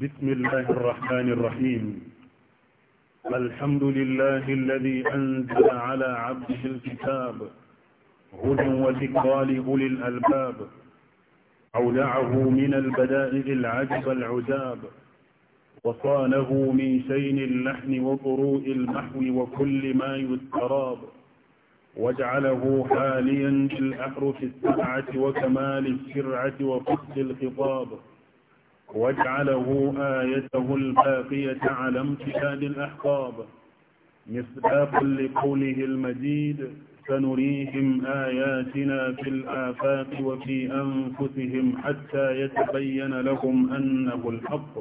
بسم الله الرحمن الرحيم الحمد لله الذي أنزل على عبده الكتاب هدى وذكرى لأولي الألباب أودعه من البدائل العجب العجاب وصانه من شين اللحن وطروء المحو وكل ما يستراب واجعله حاليا بالأحرف السبعة وكمال الشرعة وفصل الخطاب واجعله آيته الباقية على امتداد الأحقاب مصداقا لقوله المجيد سنريهم آياتنا في الآفاق وفي أنفسهم حتى يتبين لهم أنه الحق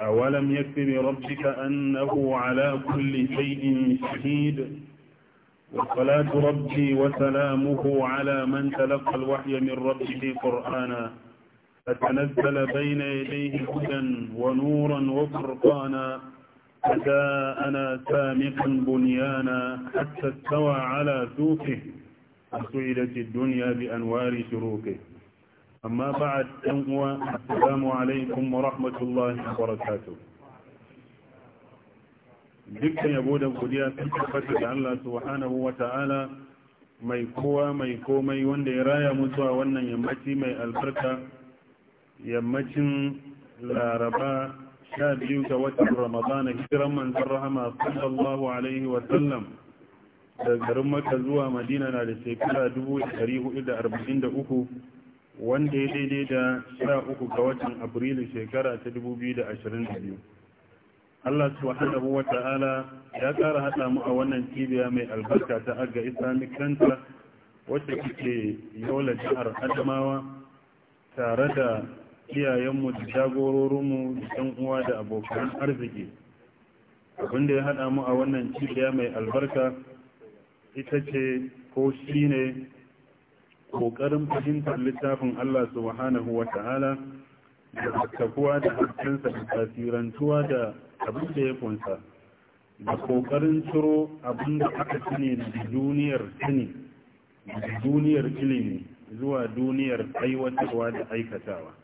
أولم يكتب ربك أنه على كل شيء شهيد وصلاة ربي وسلامه على من تلقى الوحي من ربه قرآنا فتنزل بين يديه هدى ونورا وفرقانا أداءنا سامقا بنيانا حتى استوى على سوقه وسعدت الدنيا بأنوار شروقه أما بعد أنوى السلام عليكم ورحمة الله وبركاته جبت يبودا قديا فتحفت الله سبحانه وتعالى ما يكوى ما يكوى ما يوندي رايا مسوى ونن يمتي ما يألبركه yammacin laraba sha biyu ga watan ramadana hijiran manzan rahama sallallahu alaihi wasallam da garin maka zuwa madina na da shekara 443 wanda ya daidai da sha uku ga watan abrilu shekara ta 2022 Allah subhanahu wa wata'ala ya ƙara haɗa mu a wannan cibiya mai albarka ta aga islamic center wacce kuke yola jihar adamawa tare da iyayenmu da jagororinmu da ɗan uwa da abokan arziki abinda ya haɗa mu a wannan cibiya mai albarka ita ce ko shi ne ƙoƙarin fahimtar littafin Allah subhanahu wa ta'ala da haskakuwa da haskensa da tasirantuwa da abin da ya kunsa da ƙoƙarin ciro abin da aka tuni da duniyar tuni da duniyar ilimi zuwa duniyar aiwatarwa da aikatawa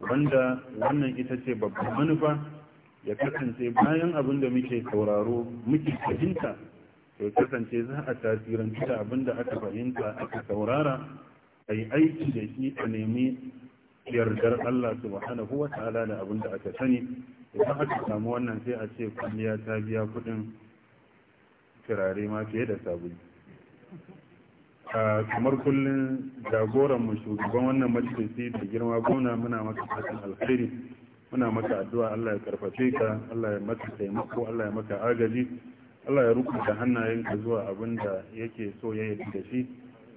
wanda wannan ita ce babban manufa ya kasance bayan abin da muke sauraro muke fahimta ya kasance za a tasiranci da abin da aka fahimta aka saurara a yi aiki da shi a nemi yardar Allah subhanahu wa ta'ala da abin da aka sani idan aka samu wannan sai a ce kwalliya ta biya kudin turare ma fiye da sabulu kamar kullum jagoran mu shugaban wannan majalisi da girma gona muna maka fatan alkhairi muna maka addu'a Allah ya karfafe ka Allah ya maka taimako Allah ya maka agaji Allah ya rukuta ka zuwa abin da yake so ya yi da shi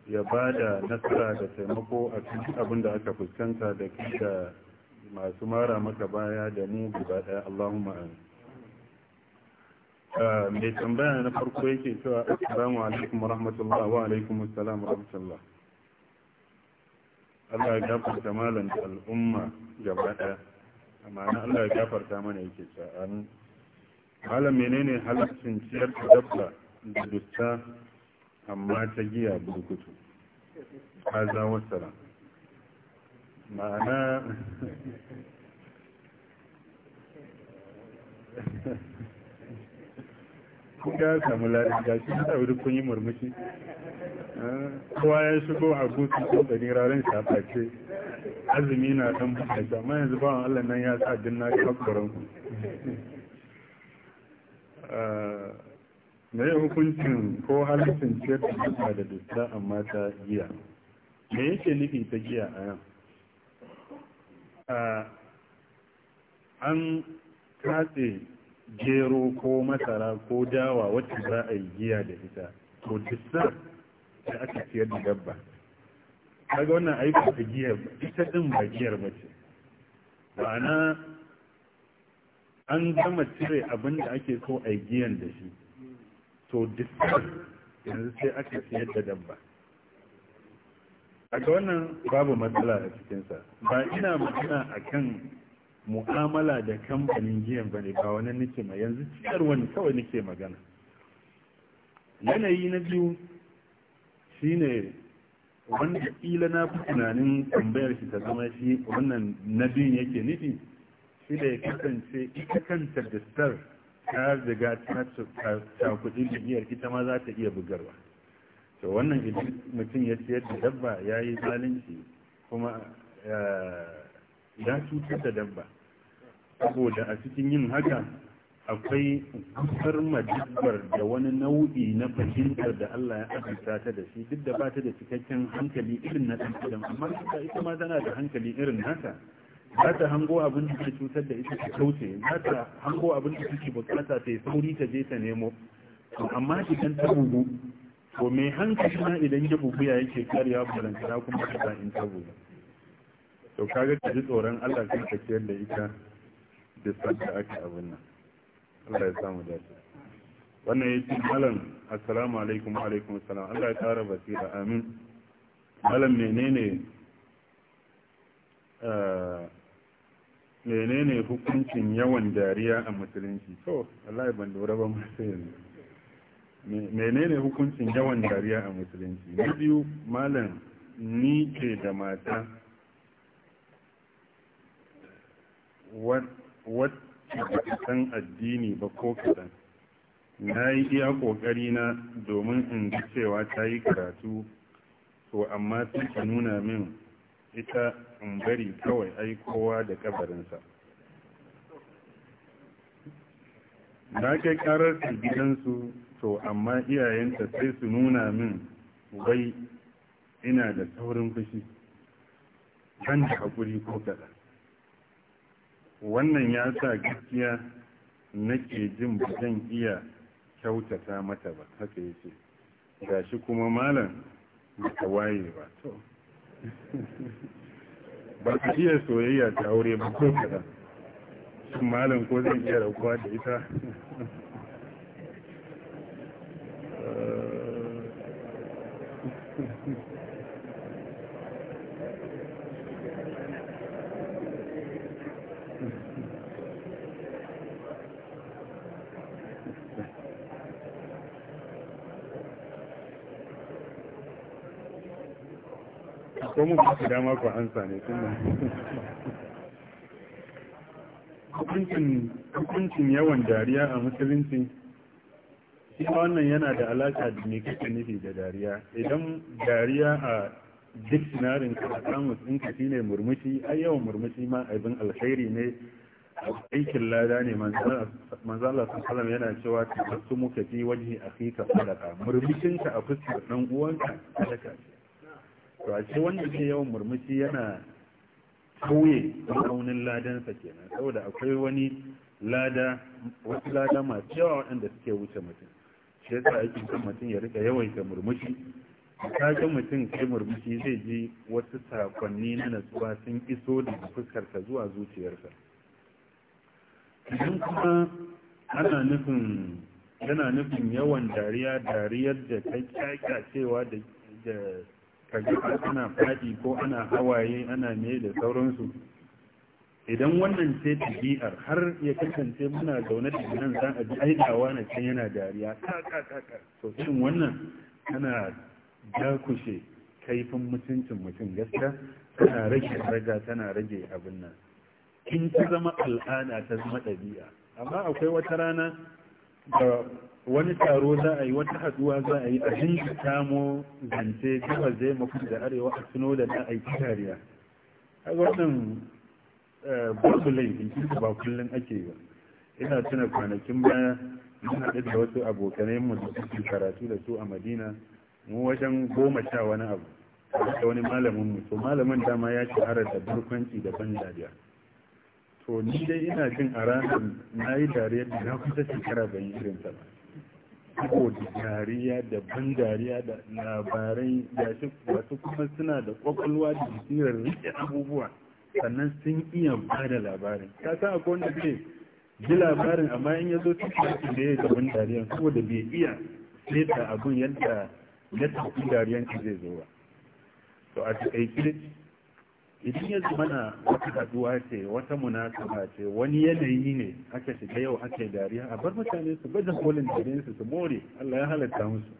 ya ba da nasara da taimako a cikin abin da aka fuskanta da kai da masu mara maka baya da mu gaba daya Allahumma amin Eh, mai tambaya na farko yake cewa assalamu alaikum wa rahmatullahi wa alaikum assalam wa rahmatullah Allah ya gafarta malam al'umma gaba daya amma na Allah ya gafarta mana yake cewa an malam menene halaccin ciyar da dabba da dutta amma ta giya burkutu haza wassala ma'ana ka samu larin gashi na sauri kun yi murmushi ah, kowa ya shigo a gutu sun ɗari shafa ce azumi na ɗan bukaci amma yanzu ba Allah nan ya sa din na kakwaron ku ah, me hukuncin ko halittin ciyar da duka da dusta amma ta giya me yake nufi ta giya a nan ah, an katse gero ko masara ko dawa wacce za a yi giya da ita to disar da aka siyar da dabba kaga wannan aiki ta giya ita din ba giyar ba ce an gama cire abin da ake so a giyan da shi to disar yanzu sai aka ciyar da dabba a ga wannan babu matsala a cikinsa ba ina magana a kan mu'amala da kamfanin jiyan bane ba wani nake ma yanzu ciyar wani kawai nake magana yanayi na biyu shine wanda kila na fi tunanin tambayar shi ta zama shi wannan na biyun yake nufi shi da ya kasance ita kanta da star ta riga ta da biyar ita ma za ta iya bugarwa to wannan idan mutum ya ciyar da dabba ya yi zalunci kuma eh, ya cutar da dabba saboda a cikin yin haka akwai kusur madabbar da wani nau'i na fahimtar da Allah ya azurta ta da shi duk da ba ta da cikakken hankali irin na ɗan adam amma ita ma tana da hankali irin haka za ta hango abin da ke cutar da ita ta kauce za ta hango abin da take bukata ta yi sauri ta je ta nemo amma idan ta bugu to mai hankali ma idan ya bugu ya yake kariya balantana kuma ta in ta bugu to kaga ka ji tsoron Allah kan ka ciyar da ita da sanda aka abin nan Allah ya samu dace wannan ya ce malam assalamu alaikum wa alaikum assalam Allah ya tara basira amin malam menene eh, menene hukuncin yawan dariya a musulunci to Allah ya ban lura ba masu yanzu menene hukuncin yawan dariya a musulunci na biyu malam ni ce da mata wacce ba ta san addini ba ko kaɗan na yi iya ƙoƙari na domin in ji cewa ta yi karatu to amma sai ta nuna min ita in bari kawai ai kowa da ƙabarinsa na kai karar gidansu to amma iyayenta sai su nuna min wai ina da saurin fushi can da haƙuri ko kaɗan wannan ya sa gaskiya nake jin ba zan iya kyautata mata ba haka yake shi kuma malam ta waye ba to ba ka iya soyayya ta aure ba ko kada shin malam ko zan iya raukuwa da ita Thank you. ko mun ku dama ku hansa ne tun hukuncin hukuncin yawan dariya a musulunci shi wannan yana da alaƙa da ne kake nufi da dariya idan dariya a duk sinarin a kamus ka shi shine murmushi ai yawan murmushi ma abin alkhairi ne aikin lada ne manzala kalam yana cewa ta muka ji waje akhika sadaqa murmushinka a fuskar dan uwanka sadaka ce to wanda ke yawan murmushi yana kauye raunin ladansa kenan saboda akwai wani lada wasu lada masu yawa waɗanda suke wuce mutum shi yasa ake son mutum ya rika yawaita murmushi kaga mutum kai murmushi zai ji wasu sakonni na natsuwa sun iso daga fuskarsa zuwa zuciyarsa idan kuma ana nufin yana nufin yawan dariya dariyar da ta kyakya cewa da ka ana faɗi ko ana hawaye ana ne da sauransu idan wannan ce ɗabi'ar har ya kasance muna zaune da nan za a ji aidawa na can yana dariya kakakaka to irin wannan tana dakushe kaifin mutuncin mutum gaskiya tana rage raga tana rage abin nan Kin ta zama al'ada ta zama ɗabi'a amma akwai wata rana da wani taro za a yi wata haduwa za a yi a hinka samu zance gaba zai mafi da arewa a suno da na aiki kariya a wannan eh, babu laifin ba kullum ake yi ina tuna kwanakin baya mun haɗe da wasu abokanai mu da suke karatu da su a madina mu wajen goma sha wani abu da wani malamin mu to malamin dama ya shahara da barkwanci da ban dariya to ni dai ina jin a ranar na yi dariya da na kusa shekara ban yi irin ta ba saboda dariya da ban dariya da labarai wasu kuma suna da kwakwalwa da bisirar rike abubuwa sannan sun iya ba da labarin ta sa akwai wanda ce ji labarin amma in ya zo cikin da ya gaban dariyan saboda bai iya da abin yadda ya tafi dariyan zai zo ba to a taƙaice idan ya zama na wata haduwa ce wata munasaba ce wani yanayi ne aka shiga yau aka dariya a bar mutane su baje kolin jirgin su su more Allah ya halatta musu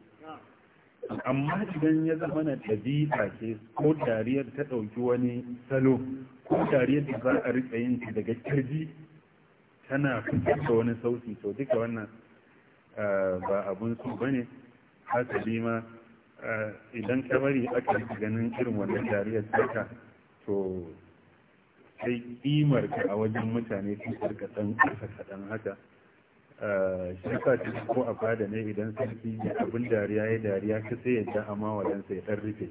amma idan ya zama na a ce ko dariyar ta ɗauki wani salo ko dariyar da za a riƙa yin ta daga kirji tana fitar da wani sauti to duka wannan eh, ba abun su bane hasali ma eh, idan ka bari aka ganin irin wannan dariyar ta. to sai kimar ka a wajen mutane sun karka dan kasa kadan haka eh, shi ka ci ko a fada ne idan sarki ya abin dariya ya dariya ka sai ya ja amma wajen ya dan rufe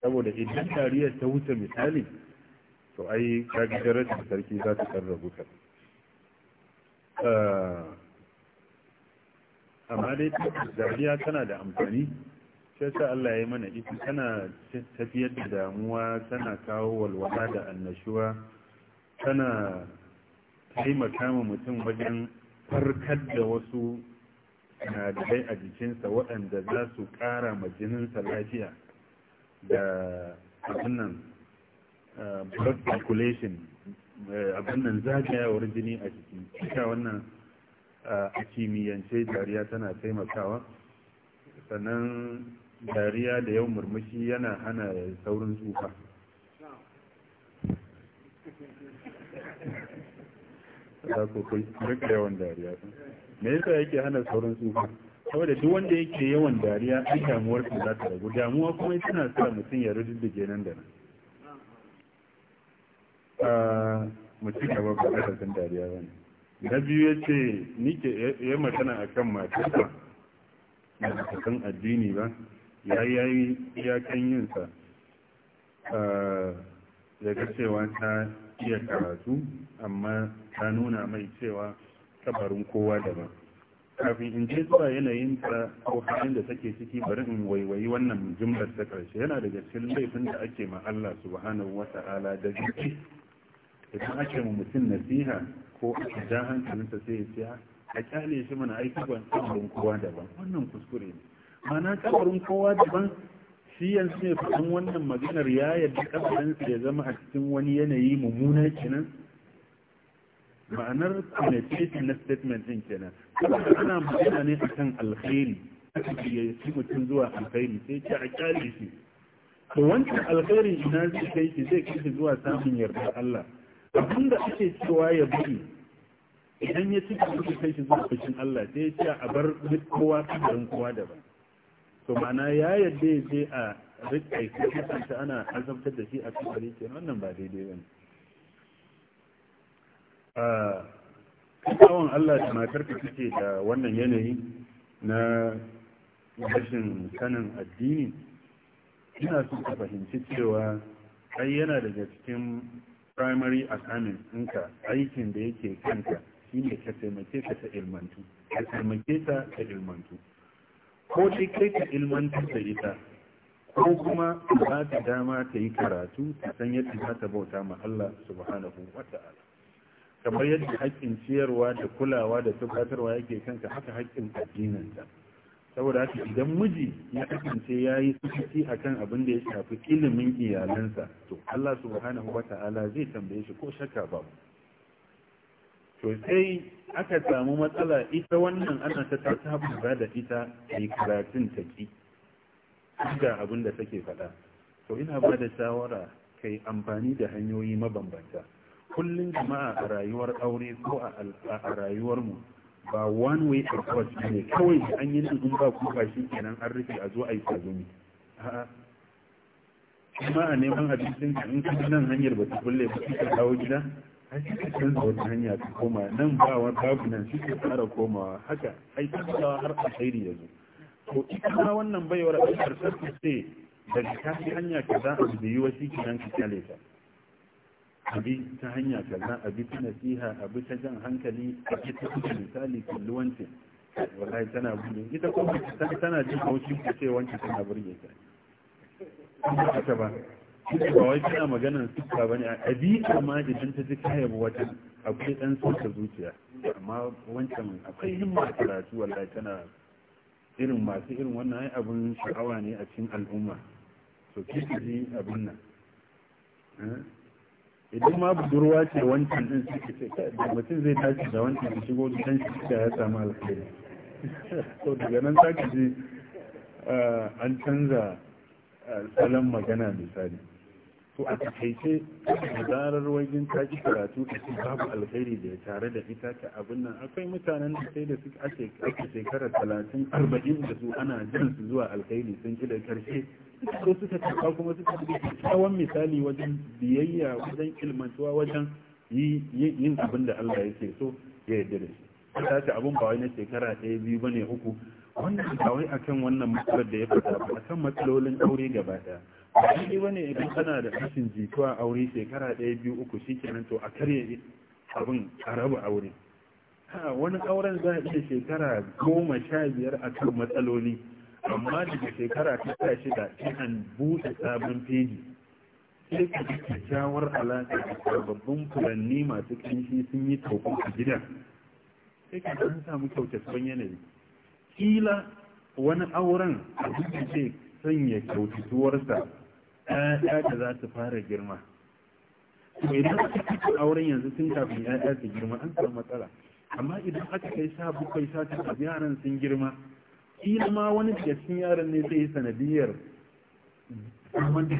saboda idan dariya ta wuce misali to ai ka ga darajar sarki za ta dan rabu ka eh, amma dai dariya tana da amfani sai sa Allah ya mana ita tana tafiyar da damuwa tana kawo walwala da annashuwa tana taimaka ma mutum wajen farkar da wasu sinadarai a jikinsa waɗanda za su ƙara ma jininsa lafiya da abinnan eh, blood circulation eh, abinnan zagayawar jini a jiki cika wannan eh, a kimiyyance dariya tana taimakawa sannan dariya da yau murmushi yana hana saurin tsufa ta ku rika yawan dariya me yasa yake hana saurin tsufa saboda duk wanda yake yawan dariya an damuwar su za ta ragu damuwa kuma tana sa mutum ya da nan da nan da ya babu ƙasashen dariya ba ne na biyu ya ce nike ya magana kan matarsa na kasan addini ba ya yi iyakan yinsa daga ah, cewa ta iya karatu amma ta nuna mai cewa kabarin kowa daban kafin in ce zuwa yanayin ta ko halin da take ciki bari in waiwayi wannan jimlar ta karshe yana daga cikin laifin da ake ma Allah subhanahu wa ta'ala da jiki idan ake mu mutum nasiha ko aka ja hankalinsa sai ya ce a kyale shi mana aiki ban kowa daban wannan kuskure ne mana kabarin kowa daban shi yanzu ne faɗin wannan maganar ya yadda su ya zama a cikin wani yanayi mummuna kenan ma'anar connectivity na statement din kenan saboda ana magana ne akan alkhairi aka ce ya mutum zuwa alkhairi sai ce a kyale shi to wancan alkhairi ina zai kai shi zai kai shi zuwa samun yarda Allah abin da ake cewa ya bari idan ya cika mutum kai shi zuwa fushin Allah sai ya ce a bar kowa kabarin kowa daban to mana ya yadda ya je a rikai kasance ana azabtar da shi a cikin ke wannan ba daidai ba ne kawon Allah da ka kuke da wannan yanayi na rashin kanin addini ina so ka fahimci cewa ai yana daga cikin primary assignment ɗinka aikin da yake kanka shine ka taimake ka ta ilmantu ka taimake ta ta ilmantu ko dai kai ka ilmantar da ita ko kuma ba ta dama ta yi karatu ta san yadda za ta bauta ma Allah subhanahu wa ta'ala kamar yadda haƙƙin ciyarwa da kulawa da tukatarwa yake kanka haka haƙƙin addininta saboda haka idan miji ya kasance ya yi a akan abin da ya shafi ilimin iyalansa to Allah subhanahu wa ta'ala zai tambaye shi ko shakka babu to sai aka samu matsala ita wannan ana ta ta da ita mai karatun ta ki ga abin da take faɗa to ina ba da shawara kai amfani da hanyoyi mabambanta kullum jama'a a rayuwar aure ko a rayuwar mu ba one way approach ne kawai an yi nan ba ku ba shi kenan an rufe a zo a yi tsagumi a'a kuma a neman abincin in kuma nan hanyar ba ta kulle ba ta dawo gida an shi canza wata hanya ta koma nan ba wa babu nan shi ke fara komawa haka ai tabbatawa har alheri ya zo to ita ma wannan baiwar aikar sarki ce daga ta fi hanya ka za a biyu wasu kinan ka kyale ta abi ta hanya ka za a bi ta nasiha a bi ta jan hankali a bi ta kuka misali kalli wance wallahi tana burge ita kuma tana jin haushi ka ce wance tana burge ta ba ta ba duka ba wai kana maganar suka bane a ɗabi'a ma idan ta ji kayan wata akwai dan sauka zuciya amma wancan akwai himma karatu wallahi tana irin masu irin wannan ai abun sha'awa ne a cikin al'umma to ki ji abin nan eh? idan ma budurwa ce wancan din suke ce da mutum zai tashi da wancan da shigo da shi da ya samu alkhairi to daga nan za ji eh, an canza eh, salon magana misali to a takaice da zarar wajen ta ji karatu da su babu alkhairi da tare da ita ta abin nan akwai mutanen da sai da suka ake ake shekara talatin arba'in da su ana jan su zuwa alkhairi sun ki da karshe ko ta taɓa kuma suka ji tsawon misali wajen biyayya wajen ilmantuwa wajen yin abin da Allah yake so ya yarda da shi ta ce abin ba wai na shekara ɗaya biyu ba ne uku wannan ba wai akan wannan matsalar da ya fata ba akan matsalolin aure gaba ɗaya ne wani idan kana da rashin jituwa aure shekara ɗaya biyu uku shi kenan to a karye abin a raba aure wani auren za a iya shekara goma sha biyar a kan matsaloli amma daga shekara ta sha shida sai an buɗe sabon feji sai ka ji kyakkyawar alaƙa da sababbin furanni masu ƙanshi sun yi tauko a gida sai ka an samu sabon yanayi kila wani auren a duk da ce sanya kyautatuwarsa 'ya'ya da za su fara girma idan aka auren yanzu sun kafin 'ya'ya su girma an samu matsala amma idan aka kai sa bukwai sa takwas yaran sun girma kila ma wani daga cikin yaran ne zai yi sanadiyar saman da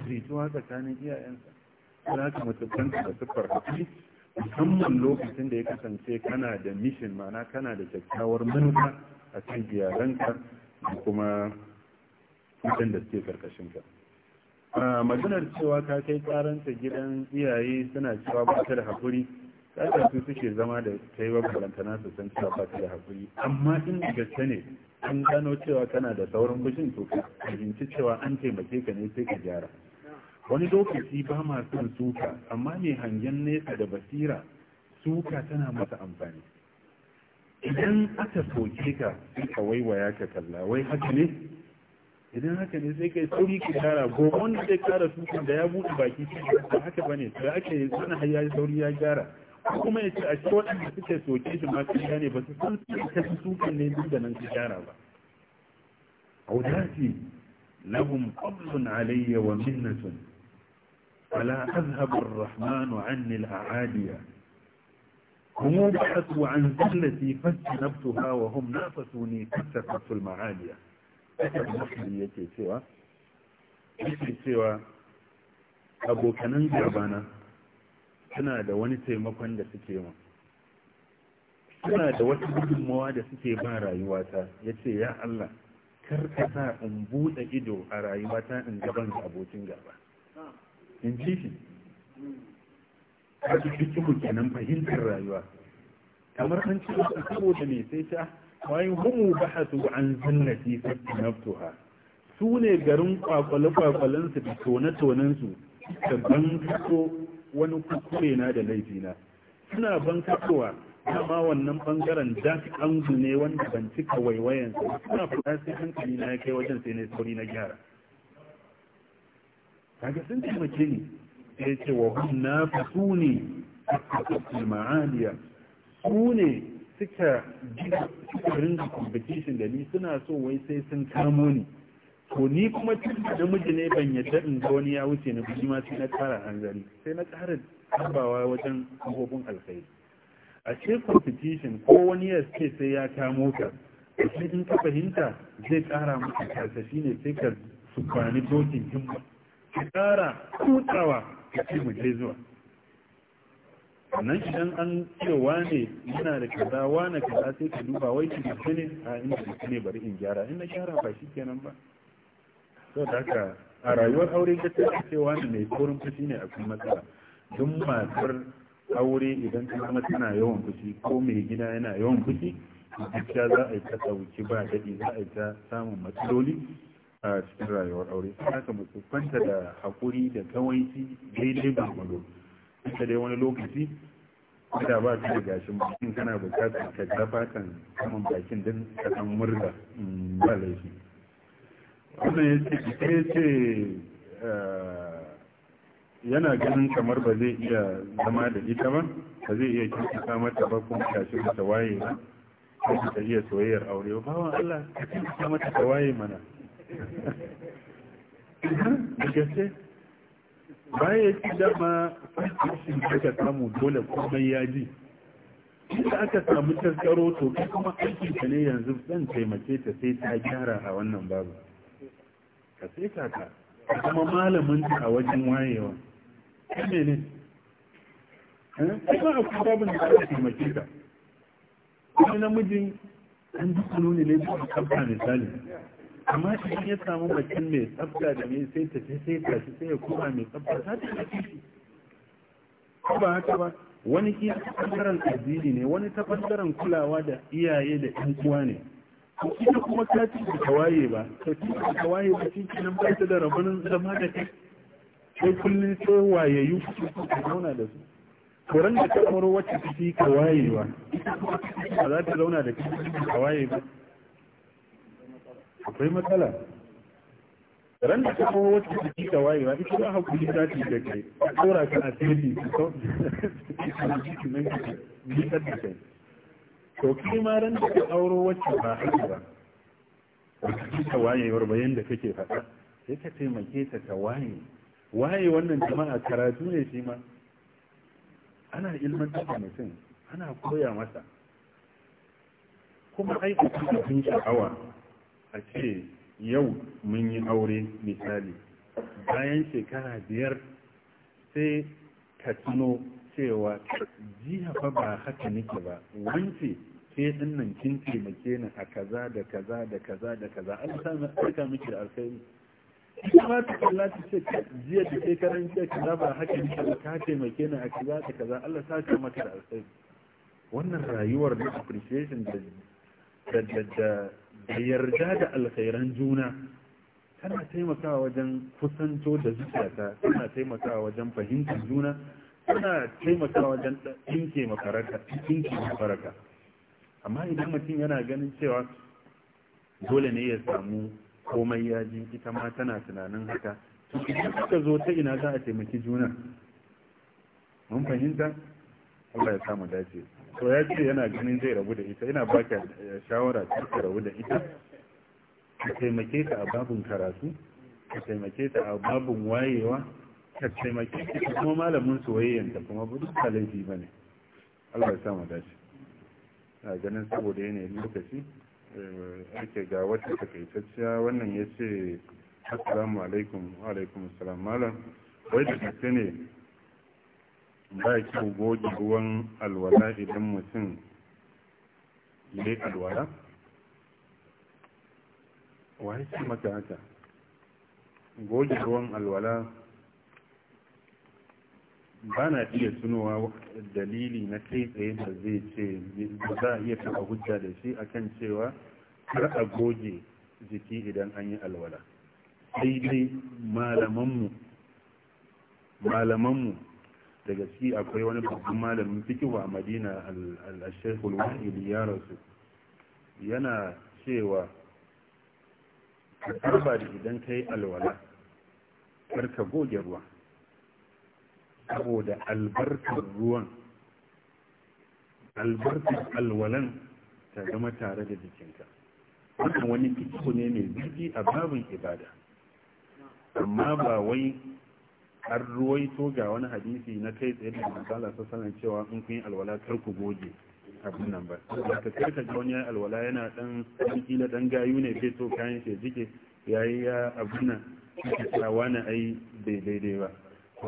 tsakanin iyayensa za ka mutuntanta da siffar haƙi musamman lokacin da ya kasance kana da mishin mana kana da kyakkyawar manufa a kan iyalanka da kuma da suke karkashin ka. maganar cewa ka kai karanta gidan iyaye suna cewa ba ta da haƙuri ta su suke zama da kai ba balantana su san cewa ba ta da haƙuri amma in gaske ne an gano cewa tana da saurin fushin to ka fahimci cewa an taimake ka ne sai ka gyara wani lokaci ba ma son suka amma mai hangen nesa da basira suka tana masa amfani idan aka soke ka sai ka waiwaya ka kalla wai haka ne idan haka ne sai kai sauri ki kara gobe wanda zai kara sukan da ya buɗe baki da haka bane sai aka yi sana hayya sauri ya gyara kuma ya ce a cikin waɗanda suke soke shi ma sun gane ba su san su sukan ne duk da nan su gyara ba audati lahum qablun alayya wa minnatun fala azhabu ar-rahmanu anni al-a'adiya هم بحثوا عن ذلتي فاجتنبتها وهم نافسوني فاستفدت ma'aliya musulmi yake cewa yake cewa abokanan gabana suna da wani taimakon da suke ma suna da wata gudunmawa da suke ban rayuwata ya ce ya Allah karkasa in buɗe ido a rayuwata in gaban abokin gaba in ji shi a cikin kenan fahimtar rayuwa kamar an ce saboda ne sai ta wayin humu bahatu an sunnati fatinaftuha su ne garin kwakwale-kwakwalen su da tone-tonen su da wani kukure na da laifina suna bankatowa dama wannan bangaren dark angle ne wanda ban cika waiwayen su suna fita sai hankali na ya kai wajen sai ne sauri na gyara kaga sun taimake ni sai ce wa hun na fasu ne a ma'aliya su ne suka gina suka competition da ni suna so wai sai sun kamo ni to ni kuma tun da namiji ne ban yadda in ga wani ya wuce na buji ma sai na kara hanzari sai na kara tabawa wajen kofofin alkhairi a ce competition ko wani ya ce sai ya kamo ka sai in ka fahimta zai kara maka kasa ne sai ka sufani dokin himma ka kara kutsawa ka ce mu je zuwa nan idan an ce wane yana da kaza wane kaza sai ka duba wai ki dace ne a inda gaske ne bari in gyara in na gyara ba shi kenan ba sau da haka a rayuwar aure gaske ka ce wane mai saurin fushi ne a akwai matsala duk matar aure idan ta zama tana yawan fushi ko mai gida yana yawan fushi gaskiya za a yi ta ɗauki ba daɗi za a yi ta samun matsaloli a cikin rayuwar aure haka mutu kwanta da haƙuri da kawaici daidai ba malo ta dai wani lokaci da ba ka da gashin bakin kana bukatar ka dafa kan saman bakin din ka san murga mm, ba laifi wannan ya ce ita ya ce eh, yana ganin kamar ba zai iya zama da ita ba ba zai iya kyautata mata ba kuma tashi mata waye ba ko ta iya soyayyar aure ba wa Allah ka kyautata mata ta waye mana gaske baya ya ce dama fashin aka samu dole kuma ya ji inda aka samu taskaro to kuma aikin ka ne yanzu zan taimake ta sai ta gyara a wannan babu ka sai kaka ka kuma malamin ta a wajen wayewa kai ne ne eh, kuma akwai babin da aka taimake ka Kuma namijin an duk nuni ne da a kamfa misali amma shi ya samu mutum mai tsafta da mai sai tafi sai tafi sai ya kuma mai tsafta ta ta tafi shi ba haka ba wani iya ta ɓangaren addini ne wani ta ɓangaren kulawa da iyaye da ƴan uwa ne Ko kika kuma ta ci da tawaye ba ta ci da tawaye ba shi kenan ba ta da rabunin zama da kai sai kullum sai wayayyu su ta zauna da su turan da ta kamar wacce ta ci tawaye ba ita kuma ba za ta zauna da kai ta tawaye ba akwai matsala ran da kuma wata jiki ta ba ita ba hakuri kuli za ta da kai a tsora ka a sirri su sau da jiki nan ka nisar da kai to kai ma ran da ka auro wacce ba haka ba wata jiki ta wayewar bayan da kake faɗa sai ka taimake ta ta waye waye wannan jama'a karatu ne shi ma ana ilmantar da mutum ana koya masa kuma aikata abin sha'awa a ce yau mun yi aure misali bayan shekara biyar sai ka tuno cewa jiya fa ba haka nake ba wance ke dinnan kin taimake ni a kaza da kaza da kaza da kaza an sami aka miki da alkhairi ita ma ta kalla ta ce jiya da kai karan jiya kaza ba haka nake ba ka taimake ni a kaza da kaza Allah ta ka maka da alkhairi wannan rayuwar na appreciation da da da da yarda da alkhairan juna tana taimakawa wajen kusanto da zuciyata tana taimakawa wajen fahimtar juna tana taimakawa wajen ɗinke makaraka ɗinke makaraka amma idan mutum yana ganin cewa dole ne ya samu komai ya ji ita ma tana tunanin haka to idan aka zo ta ina za a taimaki juna mun fahimta Allah ya samu dace to ya ce yana ganin zai rabu da ita ina baka eh, shawara ka rabu da ita ka taimake ta a babin karatu ka taimake ta a babin wayewa ka taimake ta kuma malamin ta kuma ba duk laifi ba ne Allah ya samu dace a ganin saboda yanayin lokaci eh, ake ga wata takaitacciya wannan ya ce assalamu alaikum alaikum salam malam wai da ne ba kyau goge ruwan alwala idan mutum ya yi alwala? wani ce maka haka goge ruwan alwala ba na iya sunowa dalili na kai tsaye da zai ce za a iya taɓa hujja da shi akan cewa har a goge jiki idan an yi alwala sai dai malamanmu malamanmu daga ciki akwai wani babban malamin fikihu a madina al-shaykhul wahid ya rasu yana cewa ka da idan ka yi alwala karka goge ruwa saboda albarkar ruwan albarkar alwalan ta zama tare da jikinka wannan wani fikihu ne mai zurfi a babin ibada amma ba wai An ruwaito ga wani hadisi na kai tsaye da misala ta sanar cewa in kun yi alwala kar ku goge abin nan ba ka kai ga wani alwala yana dan dan kila dan gayu ne ke so kayan shi jike yayi ya abin nan cewa wani ai bai daidai ba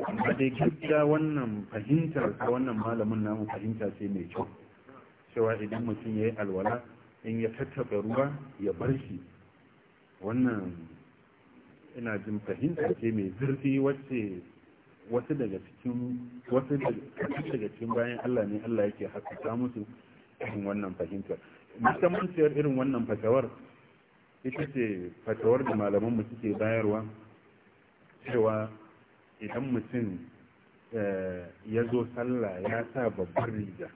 amma dai gaskiya wannan fahimtar ta wannan malamin namu fahimta ce mai kyau cewa idan mutum ya yi alwala in ya tattaɓa ruwa ya bar shi wannan ina jin fahimta ce mai zurfi wacce wasu daga cikin wasu daga cikin bayan Allah ne Allah yake haskaka musu irin wannan fahimtar mutamanciyar irin wannan fatawar ita ce fatawar da malaman mu suke bayarwa cewa idan mutum eh, ya zo sallah ya sa babbar riga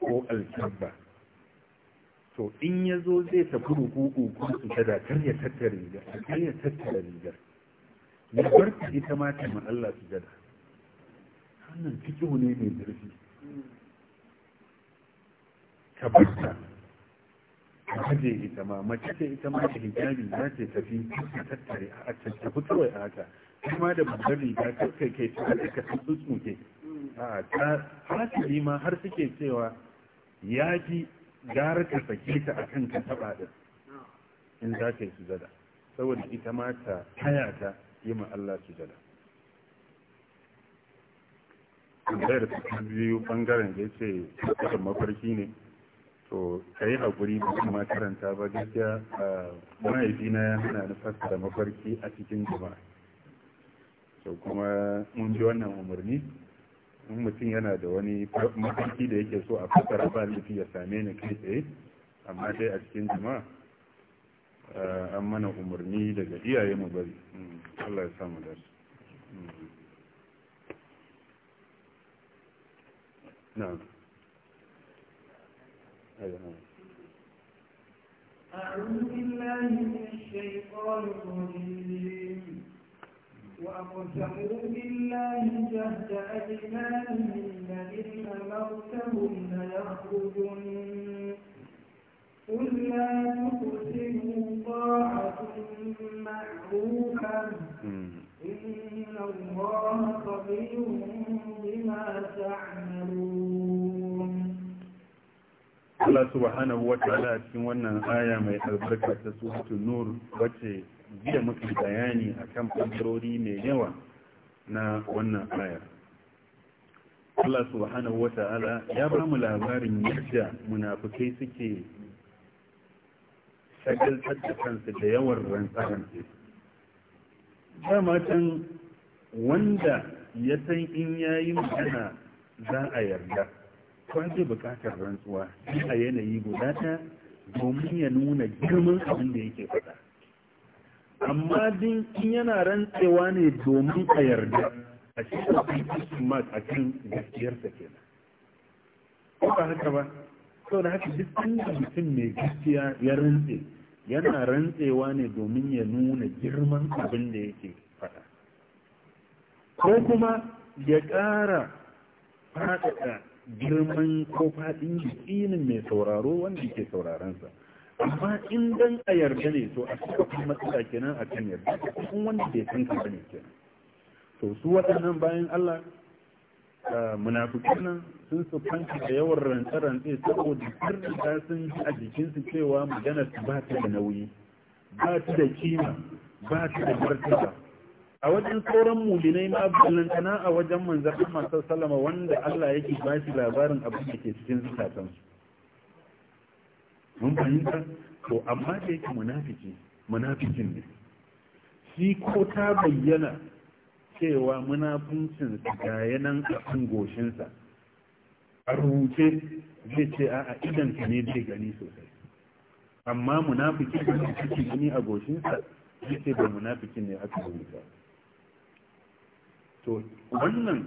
ko alkyabba so in ya zo zai tafi rukuku ko sujada kar ya tattara rigar kar ya tattara rigar ya barka ta ita ma ta ma Allah su gada. wannan fikihu ne mai zurfi ka bar ta ka je ita ma mace ce ita ma ta hijabi za ta tafi ta tattare a ta tafi kawai a haka kuma da babbar riga ta kai kai ta ka tsutsuke a ta hasili ma har suke cewa ya ji gara ka sake ta a kan ka in za ka yi sujada saboda ita ma ta haya ta yi ma Allah sujada tambayar ta biyu bangaren da ya ce kusan mafarki ne to ka yi haƙuri ba kuma karanta ba gaskiya mahaifina ya hana na mafarki a cikin jama'a to kuma mun ji wannan umarni in mutum yana da wani mafarki da yake so a fassara ba lafi ya same ni kai tsaye amma dai a cikin jama'a an mana umarni daga iyaye mu bari Allah ya samu da su na'am أعوذ بالله من الشيطان الرجيم وأقسموا بالله جهد أيمانهم لئن أمرتهم ليخرجن قل لا تقسموا طاعة معروفة إن الله خبير بما تعملون Allah subhanahu wa ta'ala cikin wannan aya mai albarka ta suratul nur wace jiya muke bayani a kan bangarori mai yawa na wannan ayar Allah subhanahu wata'ala ya ba mu labarin yadda munafukai suke shagaltar da kansu da yawan rantsaransu dama can wanda ya san in yayi magana za a yarda kwan zai bukatar rantsuwa a yanayi guda ta domin ya nuna girman abin da yake faɗa amma din in yana rantsewa ne domin a yarda a cikin question a kan gaskiyarsa kenan ko ba haka ba sau da haka duk inda mutum mai gaskiya ya rantse yana rantsewa ne domin ya nuna girman abin da yake faɗa ko kuma ya ƙara fadada girman ko faɗin yakinin mai sauraro wanda ke sauraronsa amma in dan a yarda ne to a cikin kuma matsala kenan a kan yarda kun wanda bai san ka bane kenan to su waɗannan bayan Allah munafikan nan sun su fanka da yawan rantsa saboda sun da sun ji a jikinsu cewa maganar ba ta da nauyi ba ta da kima ba ta da martaba a wajen sauran mulinai ma ballantana a wajen manzan Allah sallama wanda Allah yake ba shi labarin abin da ke cikin zukatansu mun fahimta to amma da yake munafiki munafikin ne shi ko ta bayyana cewa munafincin ga yanan a goshinsa a rubuce zai ce a ka ne zai gani sosai amma munafikin da suke gani a goshinsa zai ce ba munafikin ne aka rubuta to wannan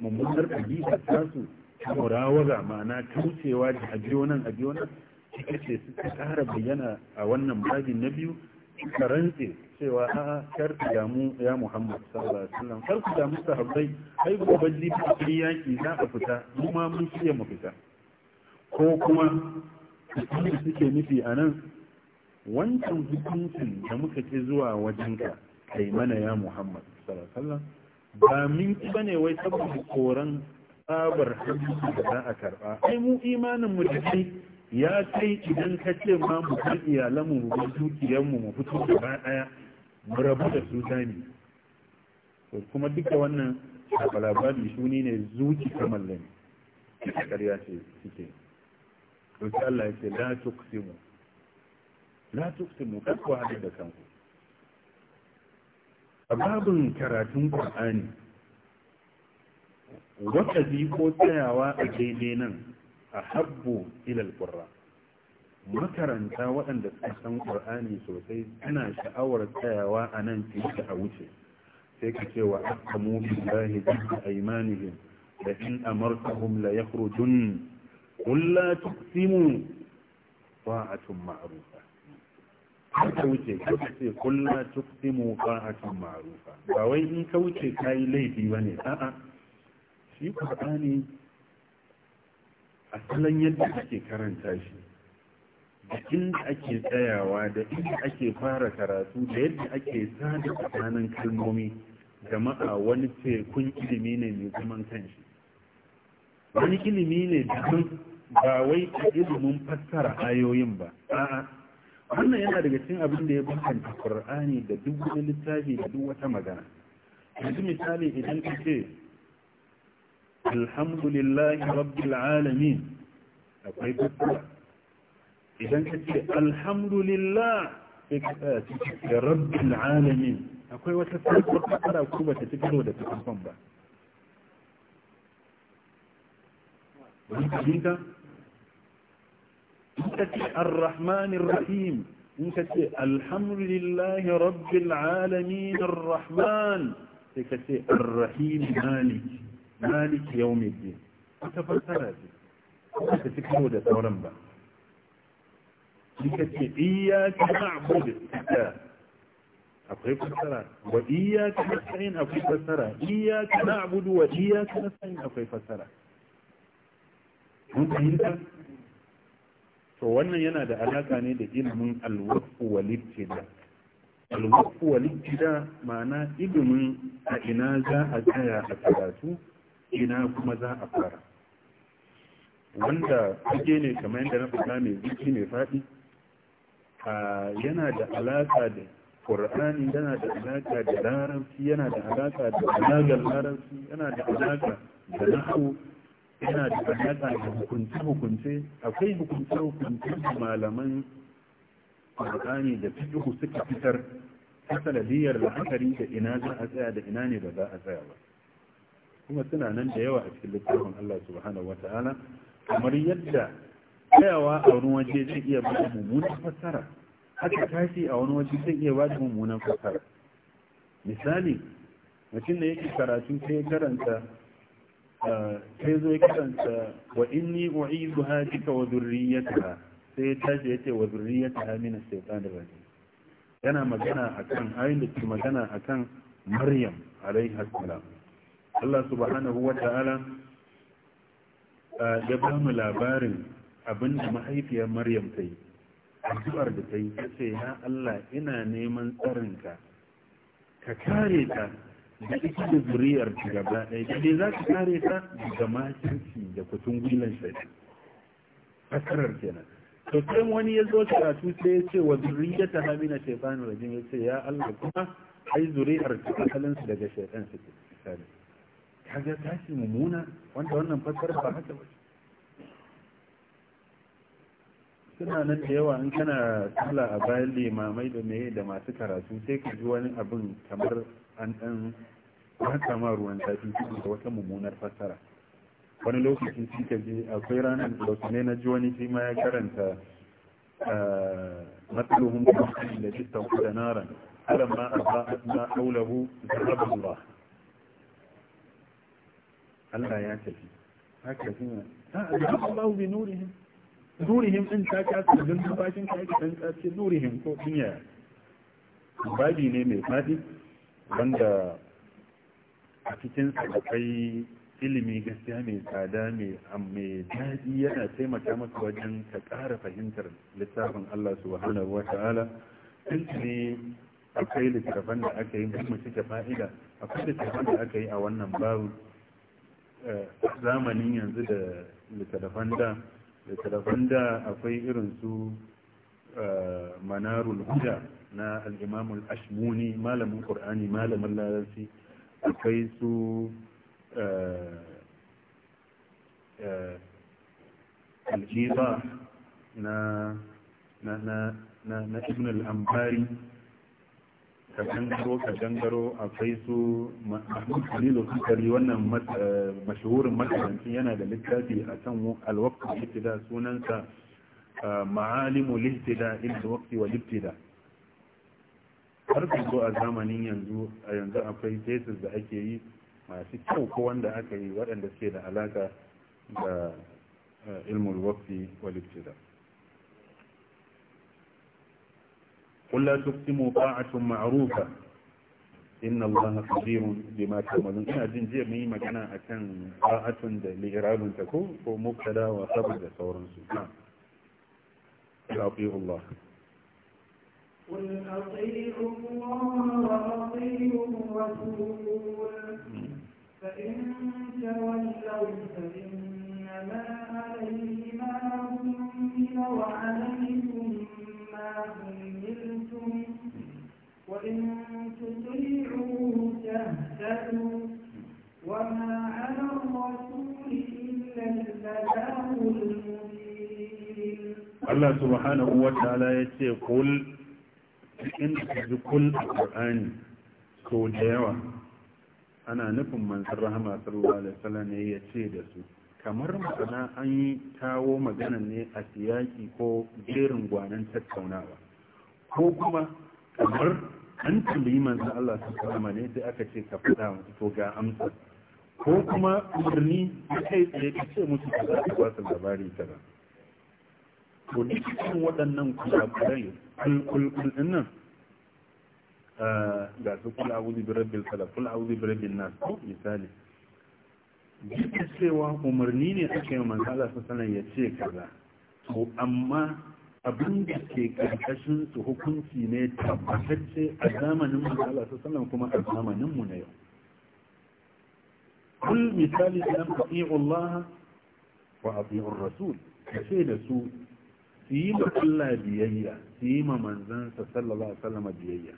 mummunar ɗabi'a tasu ta murawaga ma'ana kaucewa da ajiyonan nan ita ce suka ƙara bayyana a wannan babi na biyu suka rantse cewa a kar ku damu ya Muhammad sallallahu alaihi wasallam kar ku damu sahabbai ai gobe lifi yaki za a fita mu ma mun shiye mu fita ko kuma abin suke nufi a nan wancan hukuncin da muka ce zuwa wajenka kai mana ya Muhammad sallallahu alaihi wasallam ba min ki bane wai saboda koran sabar hadisi da za a karba ai mu imanin mu da kai ya kai idan ka ce ma mu kan iyalanmu mu bar dukiyanmu mu fito gaba daya mu rabu da su zami to kuma duka wannan shafa labari shuni ne zuci ta mallami ta karya ce suke to sai Allah ya ce la tuqsimu la tuqsimu ka ku hada da kanku a babin karatun Qur'ani wata ko tsayawa a daidai nan ahabbu ilal alqurra makaranta waɗanda suka san qur'ani sosai ana sha'awar tsayawa a nan cikin a wuce sai ka ce wa aqamu billahi jahda aymanihim da in amartahum la yakhrujun qul la tuqsimu ta'atun ma'rufa har ka wuce ka ce kulla la tuqsimu ta'atun ma'rufa ba wai in ka wuce ka yi laifi ba ne. a'a shi ƙur'ani. a salon yadda ake karanta shi da inda ake tsayawa da inda ake fara karatu da yadda ake sada tsakanin kalmomi jama'a wani tekun ilimi ne mai zaman kanshi wani ilimi ne daban ba wai a ilimin fassara ayoyin ba a'a wannan yana daga cikin abin da ya bambanta qur'ani da duk wani littafi da duk wata magana yanzu misali idan ka ce alhamdulillahi rabbil alamin akwai kuskure idan ka ce alhamdulillah sai ka tsaya cikin rabbil alamin akwai wata farko kasara ko bata ci karo da cikin ba wani fahimta in ka ce arrahmanir rahim in ka ce alhamdulillahi rabbil alamin arrahman sai ka ce arrahim maliki maliki yau mai biyu wata fassara ce ba ta fi kawo da sauran ba suka ce iyaka na'budu akwai fassara wa iya iyaka nasta'in akwai fassara iyaka na'budu wa iyaka nasta'in akwai fassara mun fahimta to wannan yana da alaka ne da ilimin alwaqfu wal ibtida alwaqfu wal ibtida ma'ana ilimin a ina za a tsaya a karatu ina kuma za a fara wanda kake ne kamar yadda na fata mai zuci mai faɗi yana da alaƙa da ƙur'ani yana da alaƙa da laransu yana da alaƙa da alaƙar laransu yana da alaƙa da nahu yana da alaƙa da hukunce-hukunce akwai hukunce-hukunce da malaman ƙorani da fiƙihu suka fitar ta sanadiyar la'akari da ina za a tsaya da ina ne ba za a tsaya ba kuma suna nan da yawa a cikin littafin Allah subhanahu ta'ala kamar yadda tsayawa a wani waje zai iya bada mummunan fassara haka tashi a wani waje zai iya bada mummunan fassara misali mutum da yake karatu sai ya karanta eh, sai zo ya karanta wa inni u'idu ha wa dhurriyyataha sai ya tashi yace wa dhurriyyataha min ash ar rajim yana magana akan ayin da ke magana akan Maryam alaiha assalam Allah subhanahu wa ta'ala ya ba mu labarin abinda mahaifiyar Maryam ta yi addu'ar da ta yi ta ce ya Allah ina neman tsarinka ka kare ta da ita da zuriyar ta gaba ɗaya dai za ka kare ta daga makirci da kutun gwilan shaitan fasarar kenan to sai wani ya zo karatu sai ya ce wa zuriyata na mina shaitan rajin ya ce ya Allah kuma ai zuriyar ta asalin su daga shaitan kaga tashi mummuna wanda wannan fasar ba haka ba suna nan da yawa in kana tala a bayan limamai da da masu karatu sai ka ji wani abin kamar an ɗan haka ma ruwan zafi su da wata mummunar fasara wani lokaci sun ka ji akwai ranar da ne na ji wani shi ma ya karanta eh, matsaluhun kuma da jistan da naran alamma a ba'a na aulahu da abin Allah ya tafi haka ne a ah, da Allah bi nurihim nurihim din ta ka su dan tufafin ka yake dan tsace nurihim ko dunya babi ne mai fadi wanda a cikin sa akwai ilimi gaskiya mai tsada mai daɗi yana taimaka maka wajen ka ƙara fahimtar littafin Allah subhanahu wa ta'ala ne akwai littafan da aka yi mu cike fa'ida akwai littafan da aka yi a wannan babu zamanin yanzu da littattafan da akwai irin su eh, manarul huda na al'imamul ashmuni malamin ƙur'ani malamin larabci akwai su eh, eh, aljiba na na na na ibn ka gangaro ka gangaro akwai su mahmud khalilu wannan eh, mashahurin matsalancin yana da littafi a kan alwaktu ibtida sunansa eh, ma'alimu lihtida inda wakti wa ibtida har su zo a zamanin yanzu a yanzu akwai tesis da ake yi masu kyau ko wanda aka yi waɗanda suke da alaka da eh, ilmul wakti wa ibtida قل لا تقسموا طاعة معروفة إن الله خبير بما تعملون إن أجن جي مي مكانا أكن طاعة لإرعاب تكون ومبتلى وخبر صورا سبحان نعم. أطيعوا الله قل أطيعوا الله وأطيعوا الرسول فإن تولوا فإنما عليه ما هم وعليه وإن تطيعوه تهتدوا وما على الرسول إلا البلاغ المبين الله سبحانه وتعالى يقول in ji kul a ƙar'ani sau da yawa ana nufin manzan rahama sallallahu alaihi wasallam ne ya ce da su kamar masana an yi kawo magana ne a siyaki ko jerin gwanan tattaunawa ko kuma kamar an tambayi manzan Allah sallallahu alaihi ne sai aka ce ka da musu to ga amsa ko kuma umarni ya kai tsaye ka ce musu ka zaɓi ba su labari kaza to dukkan waɗannan kulakulai kulkulkul ɗin nan ga su kula wuzi birabbin rabbil kula wuzi birabbin rabbin nas ko misali duk cewa umarni ne aka yi manzan Allah sallallahu sanar ya ce kaza to amma abin da ke ƙarƙashin su hukunci ne tabbatacce a zamanin mu Allah kuma a zamanin mu na yau kul misali lam ati'u Allah wa ati'u Rasul kace da su su yi ma Allah biyayya su yi ma manzansa sallallahu alaihi wasallam biyayya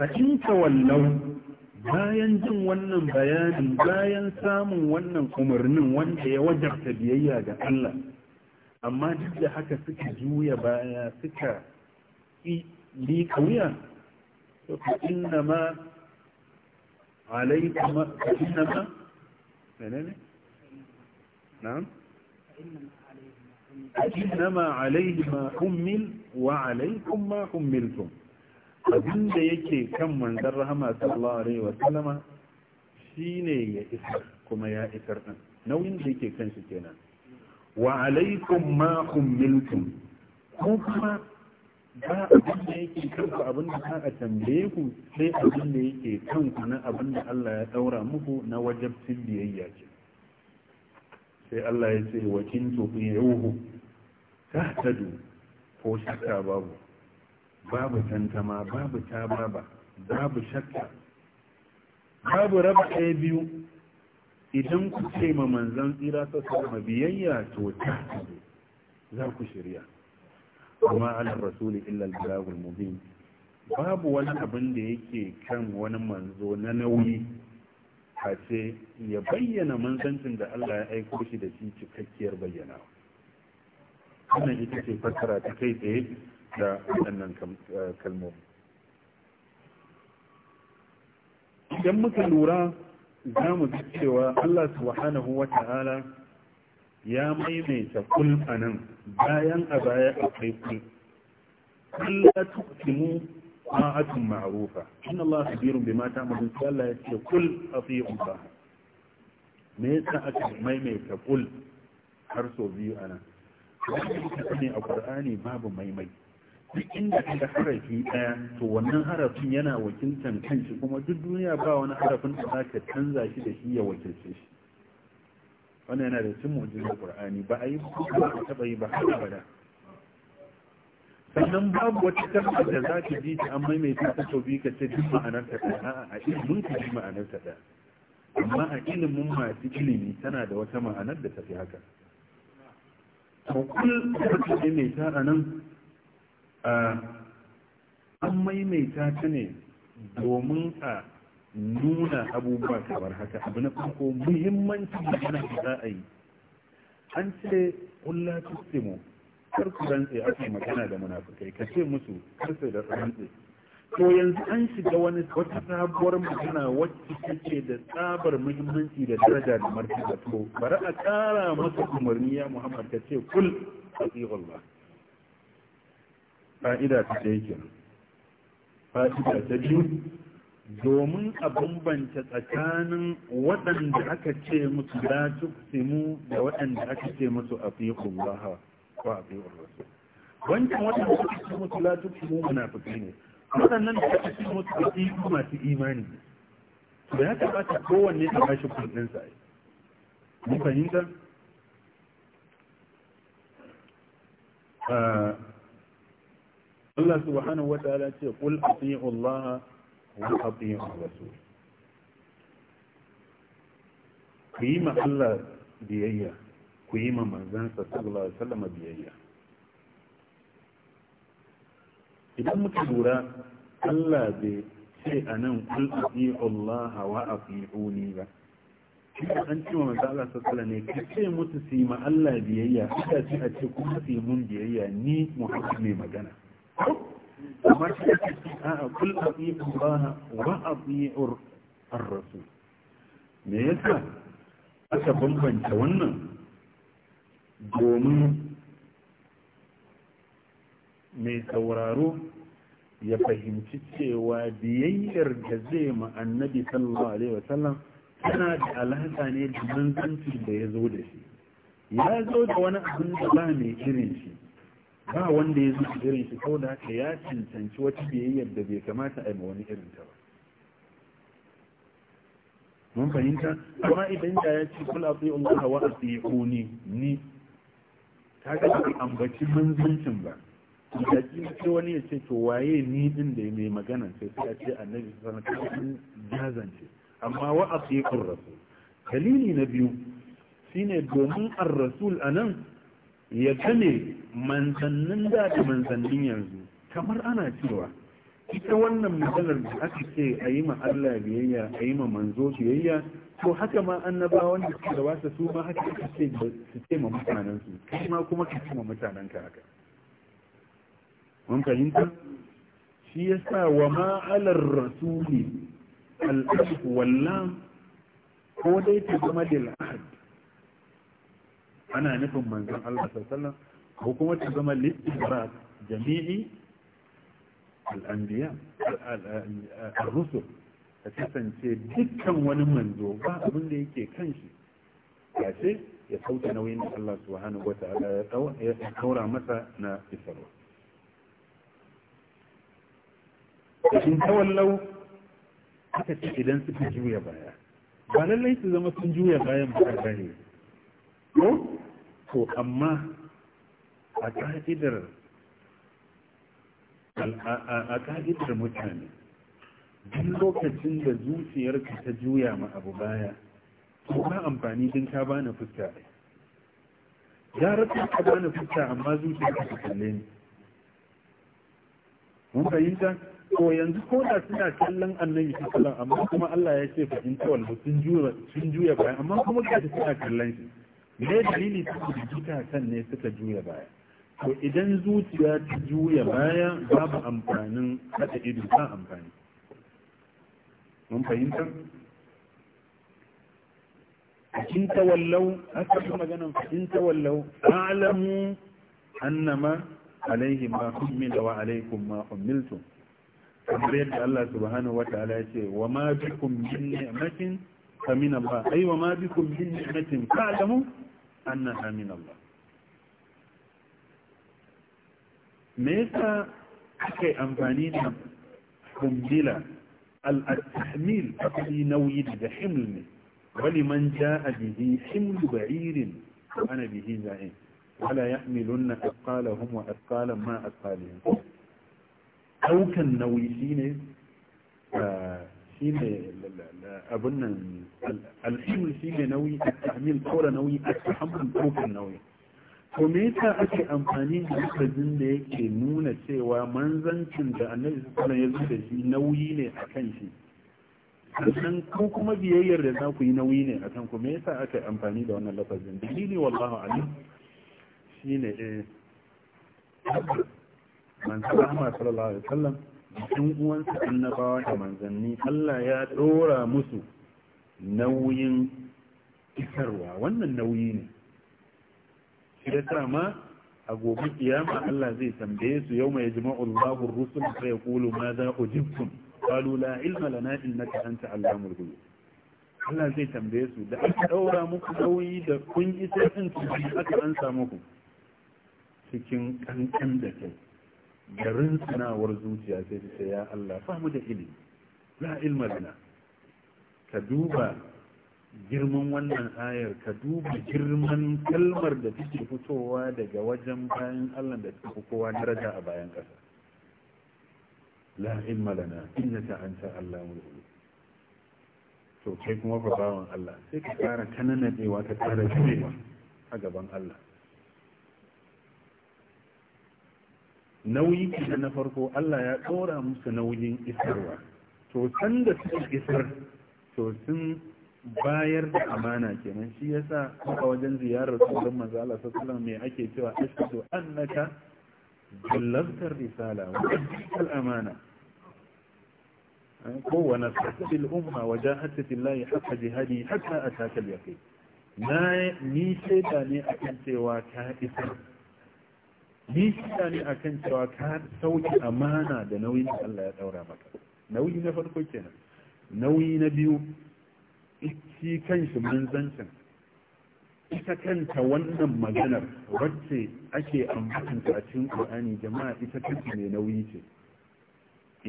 fa in tawallau bayan jin wannan bayanin bayan samun wannan umarnin wanda ya wajabta biyayya ga Allah amma duk da haka suka juya baya suka liƙa wuya to ka inna ma alaykum ma inna ma ne ne ma إنما عليه ما wa alaykum ma ummiltum abin da yake kan manzar rahama sallallahu alaihi wa sallama shine ya isar kuma ya isar din nauyin da yake kan shi kenan wa alaikum ma ko kuma ba abin da yake kanku abin da aka tambaye ku sai abin da yake kanku na abin da Allah ya daura muku na wajabcin biyayya ce sai Allah ya ce wa kin tuqi'uhu tahtadu ko shakka babu babu tantama babu tababa babu shakka babu raba ɗaya biyu idan ku ce ma manzan tsira sassa biyayya to za ku shirya kuma ala rasuli illa al-balagul mubin babu wani abin da yake kan wani manzo na nauyi a ce ya bayyana manzancin da Allah ya aiko shi da shi cikakkiyar bayyana wannan ita ce fassara ta kai tsaye da waɗannan eh, kalmomi idan muka lura za mu ga cewa Allah subhanahu wa ta'ala ya maimaita kul anan bayan a baya akwai kul Allah tuqtimu ma'atun maarufa. inna Allah khabirun bima ta'malun sai Allah ya ce kul a fi atiyu Allah me ya sa aka maimaita kul har so biyu a anan wani ne a Qur'ani babu maimai duk inda aka harafi ɗaya to wannan harafin yana wakiltar kanshi kuma duk duniya ba wani harafin da za ka canza shi da shi ya wakilce shi wannan yana da cin da ƙur'ani. ba a yi ba a taɓa yi ba har abada sannan babu wata kalma da za ka ji ta an maimaita ta sau biyu ka ce duk ma'anar ta ɗaya a'a a ilimin ka ji ma'anar ta ɗaya amma a ilimin masu ilimi tana da wata ma'anar da ta fi haka to kul da ta maimaita a nan an maimaita ta ne domin a nuna abubuwa kamar haka abu na farko da yana da za a yi an ce kulla tussimu kar ku rantse ake magana da munafukai ka ce musu kar sai da rantse to yanzu an shiga wani wata sabuwar magana wacce take da tsabar muhimmanci da daraja da martaba to bari a kara masa umarni ya muhammad ka ce kul ba. fa'ida ta ɗaya ke fa'ida ta biyu domin a bambanta tsakanin waɗanda aka ce musu da tuksimu da waɗanda aka ce musu afiqun laha ko afiqun rasul wancan waɗanda aka ce musu da tuksimu fi ne waɗannan da aka ce musu da afiqun masu imani ne da ya kamata kowanne a bashi kundin sa yi fahimta ah, الله سبحانه وتعالى يقول أطيعوا الله وأطيعوا الرسول قيمة الله بيئية قيمة مزان صلى الله عليه وسلم بيئية إذا مكدورا الله بي شيء أنا قل أطيعوا الله وأطيعوني با shi da an cima manzo Allah sallallahu alaihi wasallam ne kace mutu su yi kamar shi ce kul Allah wa ar-rasul me yasa aka bambanta wannan domin mai sauraro ya fahimci cewa biyayyar da zai ma annabi sallallahu alaihi wasallam tana da alaƙa ne da manzanci da ya zo da shi ya zo da wani abin da ba mai irin shi ba wanda ya zuci irin shi ko da haka ya cancanci wata biyayyar da bai kamata a yi ma wani irin ta ba mun fahimta amma idan da ya ce kul abi Allah wa asihuni ni ta ga ambaci manzancin ba da kila ce wani ya ce to waye ni din da ya mai magana sai sai ce annabi sallallahu alaihi jazance amma wa asihur rasul dalili na biyu shine domin ar-rasul anan ya gane manzannin da ta manzannin yanzu kamar ana cewa ita wannan matsalar da aka ce a yi ma Allah biyayya a yi ma manzo biyayya to haka ma annabawan da suka gabata su ma haka aka ce su ce ma mutanen su kai ma kuma ka ce ma mutanen ka haka mun fahimta shi yasa wa ma alar rasuli al-ahd ko dai ta zama lil ahad ana nufin manzon Allah sallallahu ko kuma ta zama littibarat jami'i al'anbiya rusul ta kasance dukkan wani manzo ba abin da yake kan shi kace ya sauke nauyin da Allah subhanahu wata'ala ya kaura masa na isarwa in wallau aka ce idan suka juya baya ba lallai su zama sun juya bayan ba ko to amma a ka'idar a ka'idar mutane duk lokacin da zuciyarka ta juya ma abu baya to ba amfani din ka bani fuska ɗaya jarabta ka bani fuska amma zuciyarka ta kalle ni mun fahimta ko yanzu ko da suna kallon annabi sallallahu amma kuma Allah ya ce fahimta wal sun juya bayan amma kuma ka suna kallon shi ne dalili saboda kan ne suka juya baya to idan zuciya ta juya baya babu amfanin haɗa ido ta amfani mun fahimta in tawallau aka yi maganan in tawallau alamu annama alaihi ma hummila wa alaikum ma hummiltum kamar yadda Allah subhanahu wataala ya ce wa ma bikum min ni'matin fa min Allah ay wa ma bikum min ni'matin fa'lamu anna min Allah me yasa aka yi amfani da kumbila al-tahmil akwai nauyi daga himl ne wani man ja'a bihi himlu ba'irin ana bihi za'in wala yahmilunna asqalahum wa ma nauyi shine shi ne abin nan al'imul shi ne nauyi a tahmil ɗaura nauyi a tahammul ɗaukar nauyi to me yasa ake amfani da lafazin da yake nuna cewa manzancin da annabi sallallahu ya zo shi nauyi ne a kan shi sannan ko kuma biyayyar da za ku yi nauyi ne a kan ku me yasa aka amfani da wannan lafazin dalili wallahu alim shine eh manzo Muhammad sallallahu alaihi wasallam ɗin uwansa annabawa da manzanni Allah ya ɗora musu nauyin isarwa wannan nauyi ne shi da ma a gobe kiyama Allah zai tambaye su yau mai jima'ul babu rusul sai ya kulu ma za ku jibtum qalu la ilma lana innaka anta allamul ghuyub Allah zai tambaye su da aka ɗaura muku nauyi da kun isa din su aka an samu ku cikin kankan da kai da rinsunawar zuciya sai su ce ya Allah ba da ilimi la ilma lana ka duba girman wannan ayar ka duba girman kalmar da take fitowa daga wajen bayan Allah da suka kowa daraja a bayan ƙasa la ilma lana innaka anta allamul ulum to kai kuma bawan Allah sai ka fara kananadewa ka fara jirewa a gaban Allah nauyi da na farko Allah ya ɗora musu nauyin isarwa to da suka isar to sun bayar da amana kenan shi yasa kuma wajen ziyarar tsoron maza Allah su mai ake cewa ashhadu annaka ballagta risala wajen addaita amana eh, ko umma wa hatsafin layi haka jihadi haka a al na ni shaida ne a kan cewa ta isar ni ne ne kan cewa ka sauki amana da nauyin da Allah ya daura maka nauyi na farko kenan nauyi na biyu shi kanshi manzancin ita kanta wannan maganar wacce ake ambatanta a cikin Qur'ani jama'a ita kanta ne nauyi ce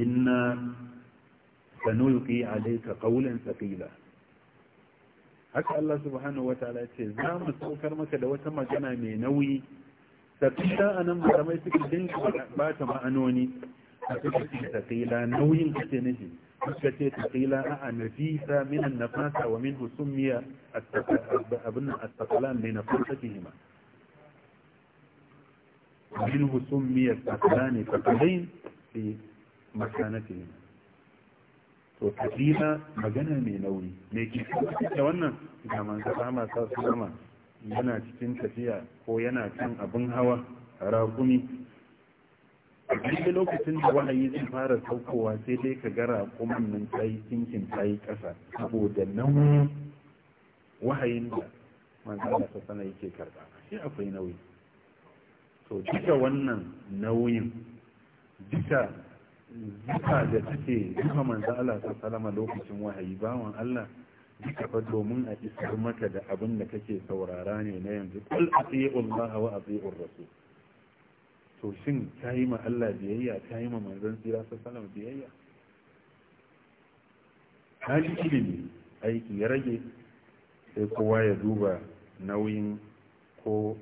inna sanulqi alayka qawlan thaqila haka Allah subhanahu wataala ce za mu saukar maka da wata magana mai nauyi taƙila a nan malamai suka dinga ba ta ma'anoni a suka ce taƙila nauyin kace naji suka ce taƙila a a najisa minan nafasa wa min husumiya abin nan astaqalan ne ke hima. min miya ne husumiya e, ke faqalain fi makanatihima to taƙila magana mai nauyi me ke da wannan ga manzo ba ma sa su zama yana cikin tafiya ko yana kan abin hawa raƙumi a lokacin da wahayi zai fara saukowa sai dai ka gara kuma nan ta yi kinkin ta yi ƙasa saboda nauyi wahayin da manzana ta sana yake karɓa shi akwai nauyi to duka wannan nauyin duka zuka da take duka Allah ta salama lokacin wahayi bawan Allah duka fa domin a isar maka da abin da kake saurara ne na yanzu kul ati'u Allah wa ati'u Rasul to shin tayi ma Allah biyayya kayi ma manzon tsira sallallahu biyayya hali ilimi aiki ya rage sai kowa ya duba nauyin ko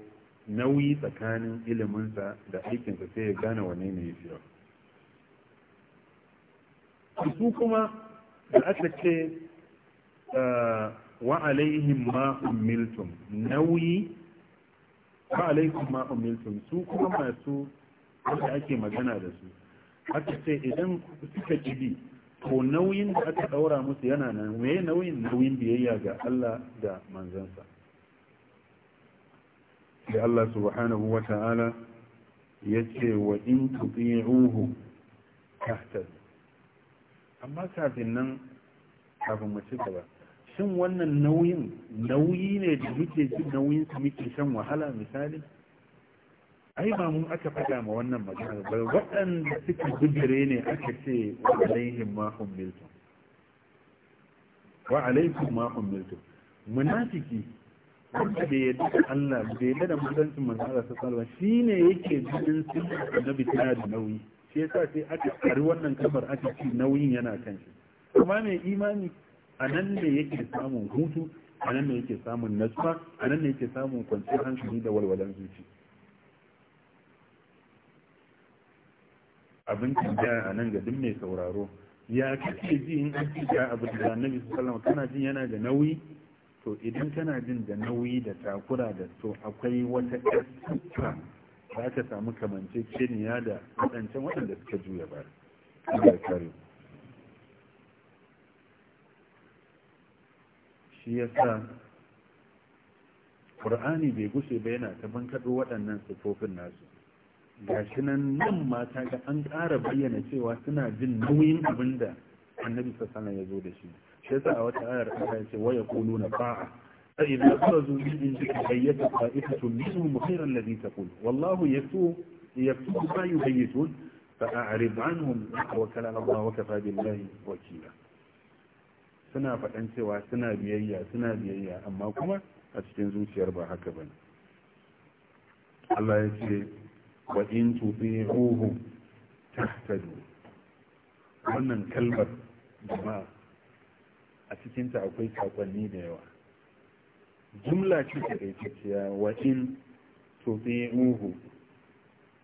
nauyi tsakanin iliminsa da aikinsa sai ya gane wane ne ya fiye su kuma da aka ce wa alaihim ma umiltum nauyi wa alaikum ma umiltum su kuma masu wanda ake magana da su aka sai idan suka jibi ko nauyin da aka daura musu yana nan me nauyin nauyin biyayya ga Allah da manzansa sai Allah subhanahu wa ta'ala yace wa in tuti'uhu tahtad amma kafin nan kafin mu ci gaba shin wannan nauyin nauyi ne da muke jin nauyin su muke shan wahala misali ai ba mun aka faɗa ma wannan magana ba waɗanda suka bijire ne aka ce wa alaihim ma humiltum wa alaikum ma humiltum munafiki wanda bai yadda da Allah bai yadda da mutuncin manzo Allah sallallahu alaihi shine yake jinin sunna annabi tana da nauyi shi yasa sai aka kari wannan kabar aka ci nauyin yana kan shi kuma mai imani a nan ne yake samun hutu a nan ne yake samun natsuwa a nan ne yake samun kwanciyar hankali da walwalan zuci abin tambaya a nan ga duk mai sauraro ya kake ji in an cika abu da annabi sallallahu kana jin yana da nauyi to idan kana jin da nauyi da takura da to akwai wata ƙasa za ka samu kamance kamanceceniya da waɗancan waɗanda suka juya ba. Allah ya kare. shi ya sa ƙur'ani bai gushe ba yana ta bankaɗo waɗannan sufofin nasu gashi nan nan mata ga an ƙara bayyana cewa suna jin nauyin abin da annabi sassana ya zo da shi shi sa a wata ayar aka ya ce waya kulu na ba'a fa idza kharaju min indika bayyata qa'ifatu minhum khayran alladhi taqul wallahu yasu yasu Ba a fa a'rid anhum wa kala Allah wa kafa billahi wakila suna faɗan cewa suna biyayya suna biyayya amma kuma a cikin zuciyar ba haka ba ne Allah ya ce wa in ruhu tahtadu wannan kalmar jama'a a cikin ta akwai sakonni da yawa jumla ce ta daitacciya wa in ruhu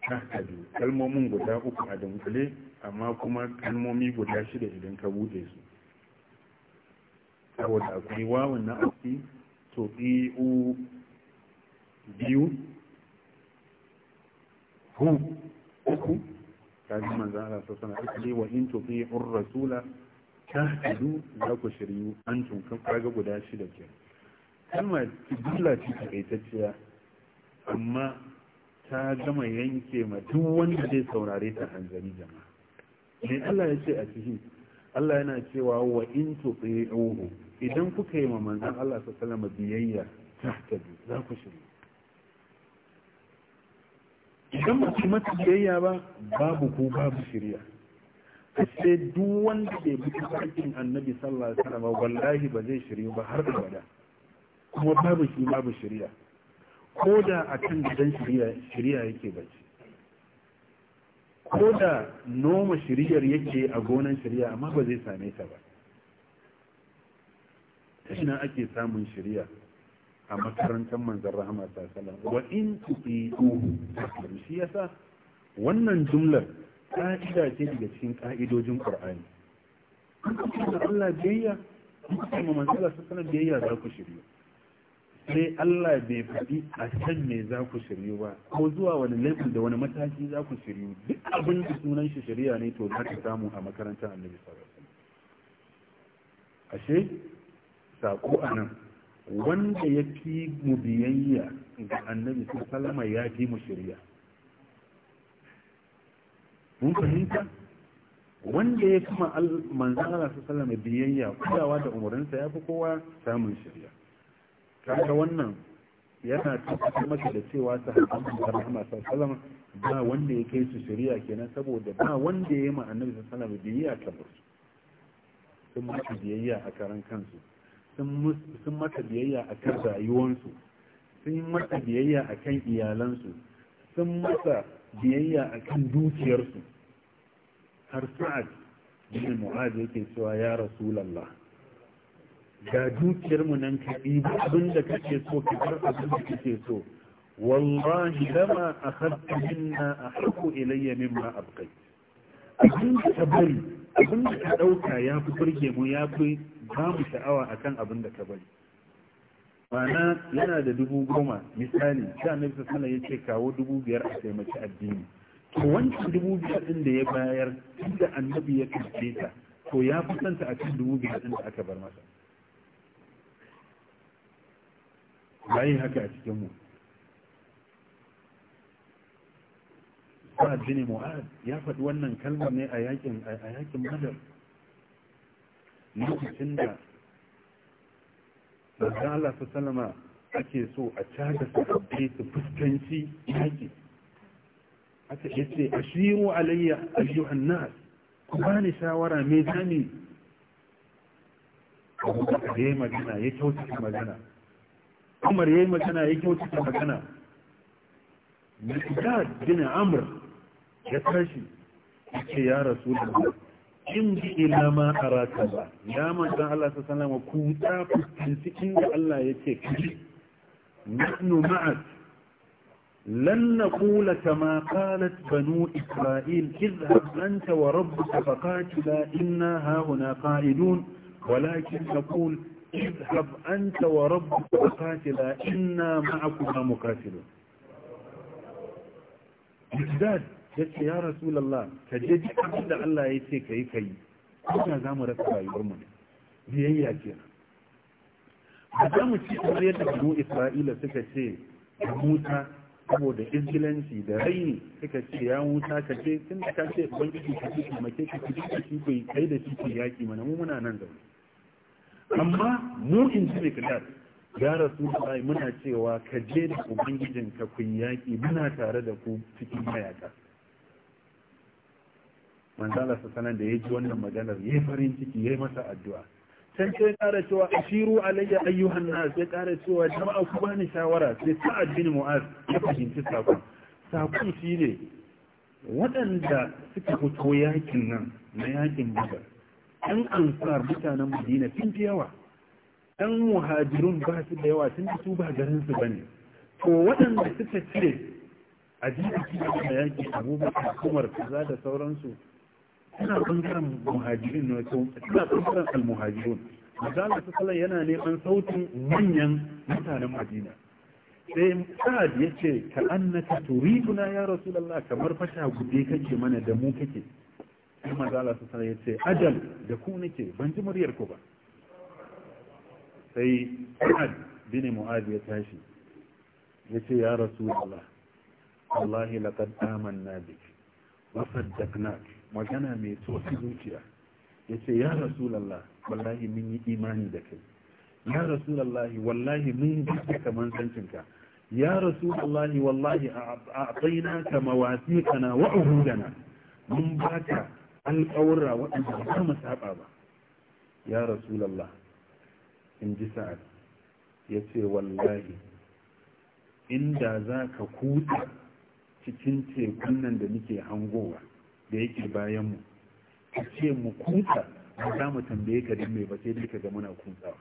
tahtadu kalmomin guda uku a dunkule amma kuma kalmomi guda shida idan ka bude su saboda akwai wawan na aski to iu biyu hu uku kaji manzan ala sau sana ikili wa in tufi un rasula ta hadu za ku shirya an tunkan kwaga guda shida ke Kalmar jumla ce takaitacciya amma ta gama yanke ma duk wanda zai saurare ta hanzari jama'a me Allah ya ce a cikin Allah yana cewa wa in tufi idan kuka yi ma manzon Allah su salama biyayya za ta za ku shirya idan ba ku mata biyayya ba babu ku babu shirya sai duk wanda bai bi tsakin annabi sallallahu alaihi wasallam wallahi ba zai shirya ba har abada kuma babu shi babu shirya ko da a kan gidan shirya yake bace ko da noma shiryar yake a gonan shirya amma ba zai same ta ba ina ake samun shari'a a makarantar manzan rahama ta sallam wa in tuqihu shi yasa wannan jumlar ka'ida ce daga cikin ka'idojin qur'ani Allah biyayya kuma biyayya za ku shirya sai Allah bai faɗi a can me za ku shiryu ba ko zuwa wani level da wani mataki za ku shiryu duk abin da sunan shi shari'a ne to za ka samu a makarantar annabi sallallahu alaihi ashe sako a nan wanda ya fi mu biyayya ga annabi ko salama ya fi mu shirya mun fahimta wanda ya fi manzan Allah su salama biyayya kulawa da umarinsa ya fi kowa samun shirya kaga wannan yana tabbatar maka da cewa sahabban da Allah su salama ba wanda ya kai su shirya kenan saboda ba wanda ya yi ma annabi su salama biyayya kamar su sun mata biyayya a karan kansu sun mata biyayya a kan rayuwansu sun mata biyayya a kan iyalansu sun mata biyayya a kan dukiyarsu har sa'ad bin mu'ad yake cewa ya rasulallah ga dukiyarmu nan ka ɗiba abin da kake so ka bar abin da kake so wallahi lama akhadta minna ahqu ilayya ma abqayt abin da ka bari abin da ka ɗauka ya fi burge mu ya fi ba mu sha'awa a kan abin da ka bari Ma'ana yana da dubu goma misali sha na bisa sana ya ce kawo dubu biyar a taimaki addini to wancan dubu biyar ɗin da ya bayar da annabi ya karfe ta to ya fi santa a kan dubu biyar ɗin da aka bar masa bayan haka a cikin mu Sa'ad bin Mu'ad ya faɗi wannan kalmar ne a yakin a yakin Badr lokacin da Manzon Allah salama ake so a caga abin su fuskanci yaƙi aka a ashiru alayya a nas ku bani shawara me zani Umar ya yi magana ya kyautata magana Umar ya yi magana ya kyautata magana Mikdad bin Amr ya tashi ya ce ya rasu da in bi ila ma araka ba ya mata Allah ta salama ku fuskanci inda Allah ya ce kaji nahnu ma'ak lan naqula kama qalat banu isra'il izhab anta wa rabbuka faqatila inna hahuna qa'idun izhab نقول اذهب أنت وربك فقاتلا إنا معكما مقاتلون إجداد ya ce ya rasulallah ka je ji abin da Allah ya ce ka yi ka yi kuma za mu rasa rayuwarmu ne biyayya ce ba za mu ci kamar yadda banu isra'ila suka ce da musa saboda izgilanci da raini suka ce ya musa ka ce tun da ka ce ubangiji ka ce kuma ke ka ci duka shi kai da shi ku yaƙi mana mu muna nan zaune amma mu in ji kadar ya rasu muna cewa ka je da ubangijinka kun yaƙi muna tare da ku cikin mayaka manzala su sanar da ya ji wannan maganar ya yi farin ciki ya yi masa addu'a can sai ƙara cewa ashiru alayya ayyuhan nas sai ƙara cewa jama'a ku bani shawara sai sa'ad bin mu'az ya fahimci sakon sakon shi ne waɗanda suka fito yakin nan na yakin badar ɗan ansar mutanen madina sun fi yawa ɗan muhajirun ba su da yawa tun su ba garin su bane to waɗanda suka cire a jikin da yaki abubakar kumar kaza da sauransu yana bangaren muhajirin ne wato suna bangaren almuhajirun misali ta sallan yana neman sautin manyan mutanen madina sai sa'ad ya ce ka annaka turiduna ya rasulullah kamar fasha gude kake mana da mu kake sai manzala su sallan ya ce ajal da ku nake ban ji muryar ku ba sai sa'ad bin mu'az ya tashi ya ce ya rasulullah wallahi laqad amanna bik wa saddaqnaka magana mai tsoki zuciya ya ce ya rasulallah wallahi mun yi imani da kai ya rasulallah wallahi mun yi kaman sancinka ya rasulallah wallahi a tsaina ka kana wa uhudana mun ba ka alƙawura waɗanda ba mu saba ba ya rasulallah in ji sa'ad ya ce wallahi inda za ka kuta cikin tekun nan da nake hangowa da yake bayan mu ce mu kuka ba za mu tambaye ka dan mai ba sai dai ka ga muna kuka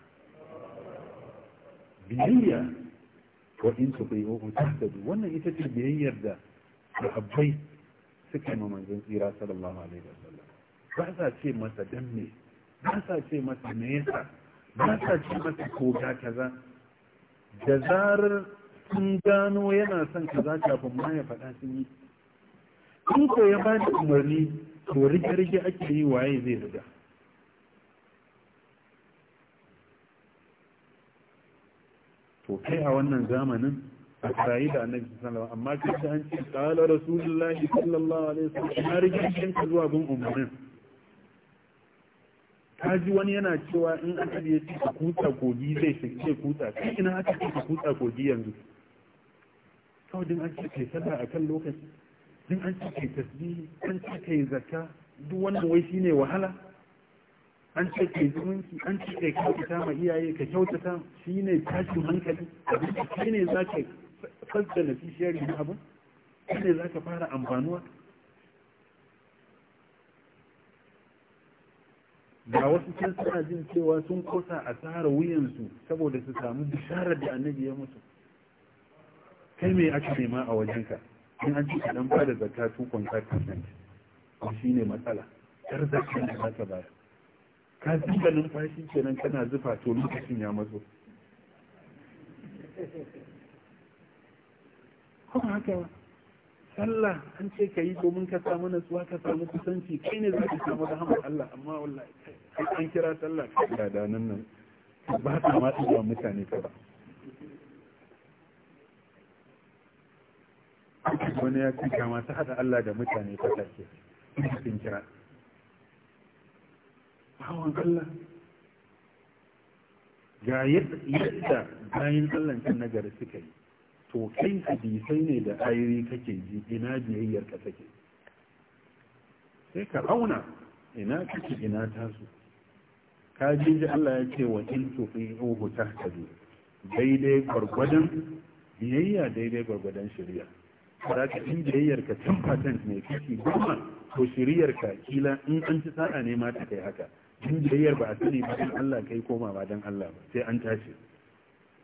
biyayya ko in su bai wa tasadu wannan ita ce biyayyar da sahabbai suka ma manzon tsira sallallahu alaihi wasallam ba sa ce masa dan me ba sa ce masa me yasa ba sa ce masa ko ga kaza da zarar sun gano yana son kaza kafin ma ya faɗa sun yi in ko ya ba da umarni to rige-rige ake yi waye zai riga to kai a wannan zamanin a tsayi da annabi sallallahu amma kai da an ce qala rasulullahi sallallahu alaihi wasallam na rige ka zuwa gun umarnin ka ji wani yana cewa in annabi ya ce ka kutsa kogi zai zai kutsa kai ina aka ce ka kutsa kogi yanzu kawai din an ce kai sallah akan lokaci din an cike an ce zakka duk wannan wai shine wahala an cike an kyautata ma iyaye ka kyautata shine tashin hankali abin da shine ka fasta na fishiyari na abin shine zaka fara amfanuwa ga wasu can suna jin cewa sun kosa a tsara wuyansu saboda su samu bisharar da annabi ya musu kai mai aka nema a wajenka in ji ci kaɗan ba da zaka 2.5% shi ne matsala yar zakan da za ta bayar ka zinga numfashi kenan kana zufa to lokacin ya matso kuma haka sallah an ce ka yi domin ka samu nasuwa ka samu kusanci kai ne za ka samu rahamar Allah amma wallahi an kira sallah ka da nan nan ba ta ma ta mutane ka ba wani ya cika masu haɗa Allah da mutane fatake sun kira hawan Allah ga yadda bayan Allah kan nagari suka yi to kai hadisai ne da ayoyi kake ji ina biyayyar ka take sai ka auna ina kake ina tasu ka ji Allah ya ce wa in tufi'uhu tahtadu daidai gwargwadon biyayya daidai gwargwadon shari'a za ka in ka tun patent ne kashi goma to shiriyar ka kila in an ci sa'a ne ma ta kai haka in jayayyar ba a sani ba dan Allah kai koma ba dan Allah ba sai an tashi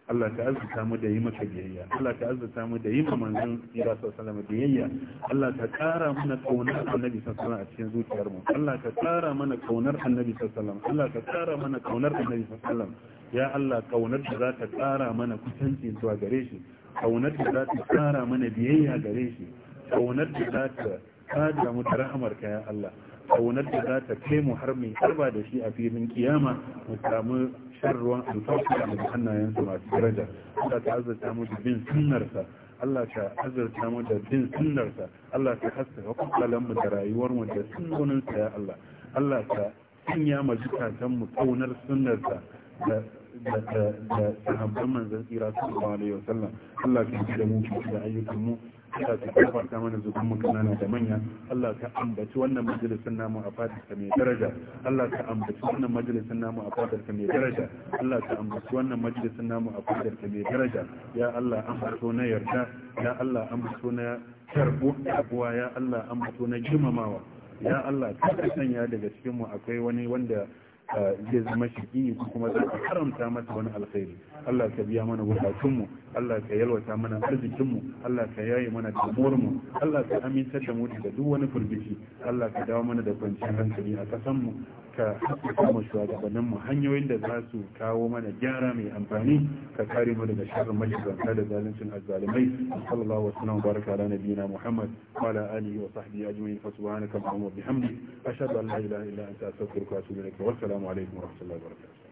Allah ka azurta mu da yi maka biyayya Allah ka azurta mu da yi ma manzon Isa sallallahu biyayya Allah ka kara mana kaunar Annabi sallallahu a cikin zuciyar mu Allah ka kara mana kaunar Annabi sallallahu Allah ka kara mana kaunar Annabi sallallahu ya Allah kaunar da za ta kara mana kusanci zuwa gare shi kaunar da za ta tsara mana biyayya gare shi kaunar da za ta kada mu da rahamar ya Allah kaunar da za ta kai mu har mai karba da shi a filin kiyama mu samu shan ruwan alfarka da hannayensa masu daraja Allah ta azurta mu da bin sunnarsa Allah ta azurta mu da bin sunnarsa Allah ka haskaka kwakwalan mu da rayuwar mu da sunnoninsa ya Allah Allah ka sanya mu zukatan mu kaunar sunnarsa da da sahabban manzan tsira sallallahu alaihi wasallam Allah ka yi da mu da ayyukan mu Allah ka kafarta mana zuban mu kanana da manya Allah ka ambaci wannan majalisar namu a fadar ka mai daraja Allah ka ambaci wannan majalisar namu a fadar ka mai daraja Allah ka ambaci wannan majalisar namu a fadar ka mai daraja ya Allah an fito na yarda ya Allah an fito na karbu abuwa ya Allah an fito na girmamawa ya Allah ka sanya daga cikin mu akwai wani wanda zai zama shaki ko kuma za a haramta masa wani alkhairi Allah ka biya mana mu. Allah ka yalwata mana arzikinmu Allah ka yaye mana damuwarmu Allah ka amintar da mu da duk wani firgici Allah ka dawo mana da kwanciyar hankali a ƙasanmu ka haƙƙa mu shugabannin mu hanyoyin da za su kawo mana gyara mai amfani ka kare mu daga sharrin mashiganta da zaluncin azzalimai sallallahu alaihi wa sallam baraka ala nabiyina muhammad wa ala alihi wa sahbihi ajma'in fa subhanaka allahumma wa bihamdik ashhadu an la ilaha illa anta astaghfiruka wa atubu ilaik wa assalamu alaikum wa rahmatullahi wa barakatuh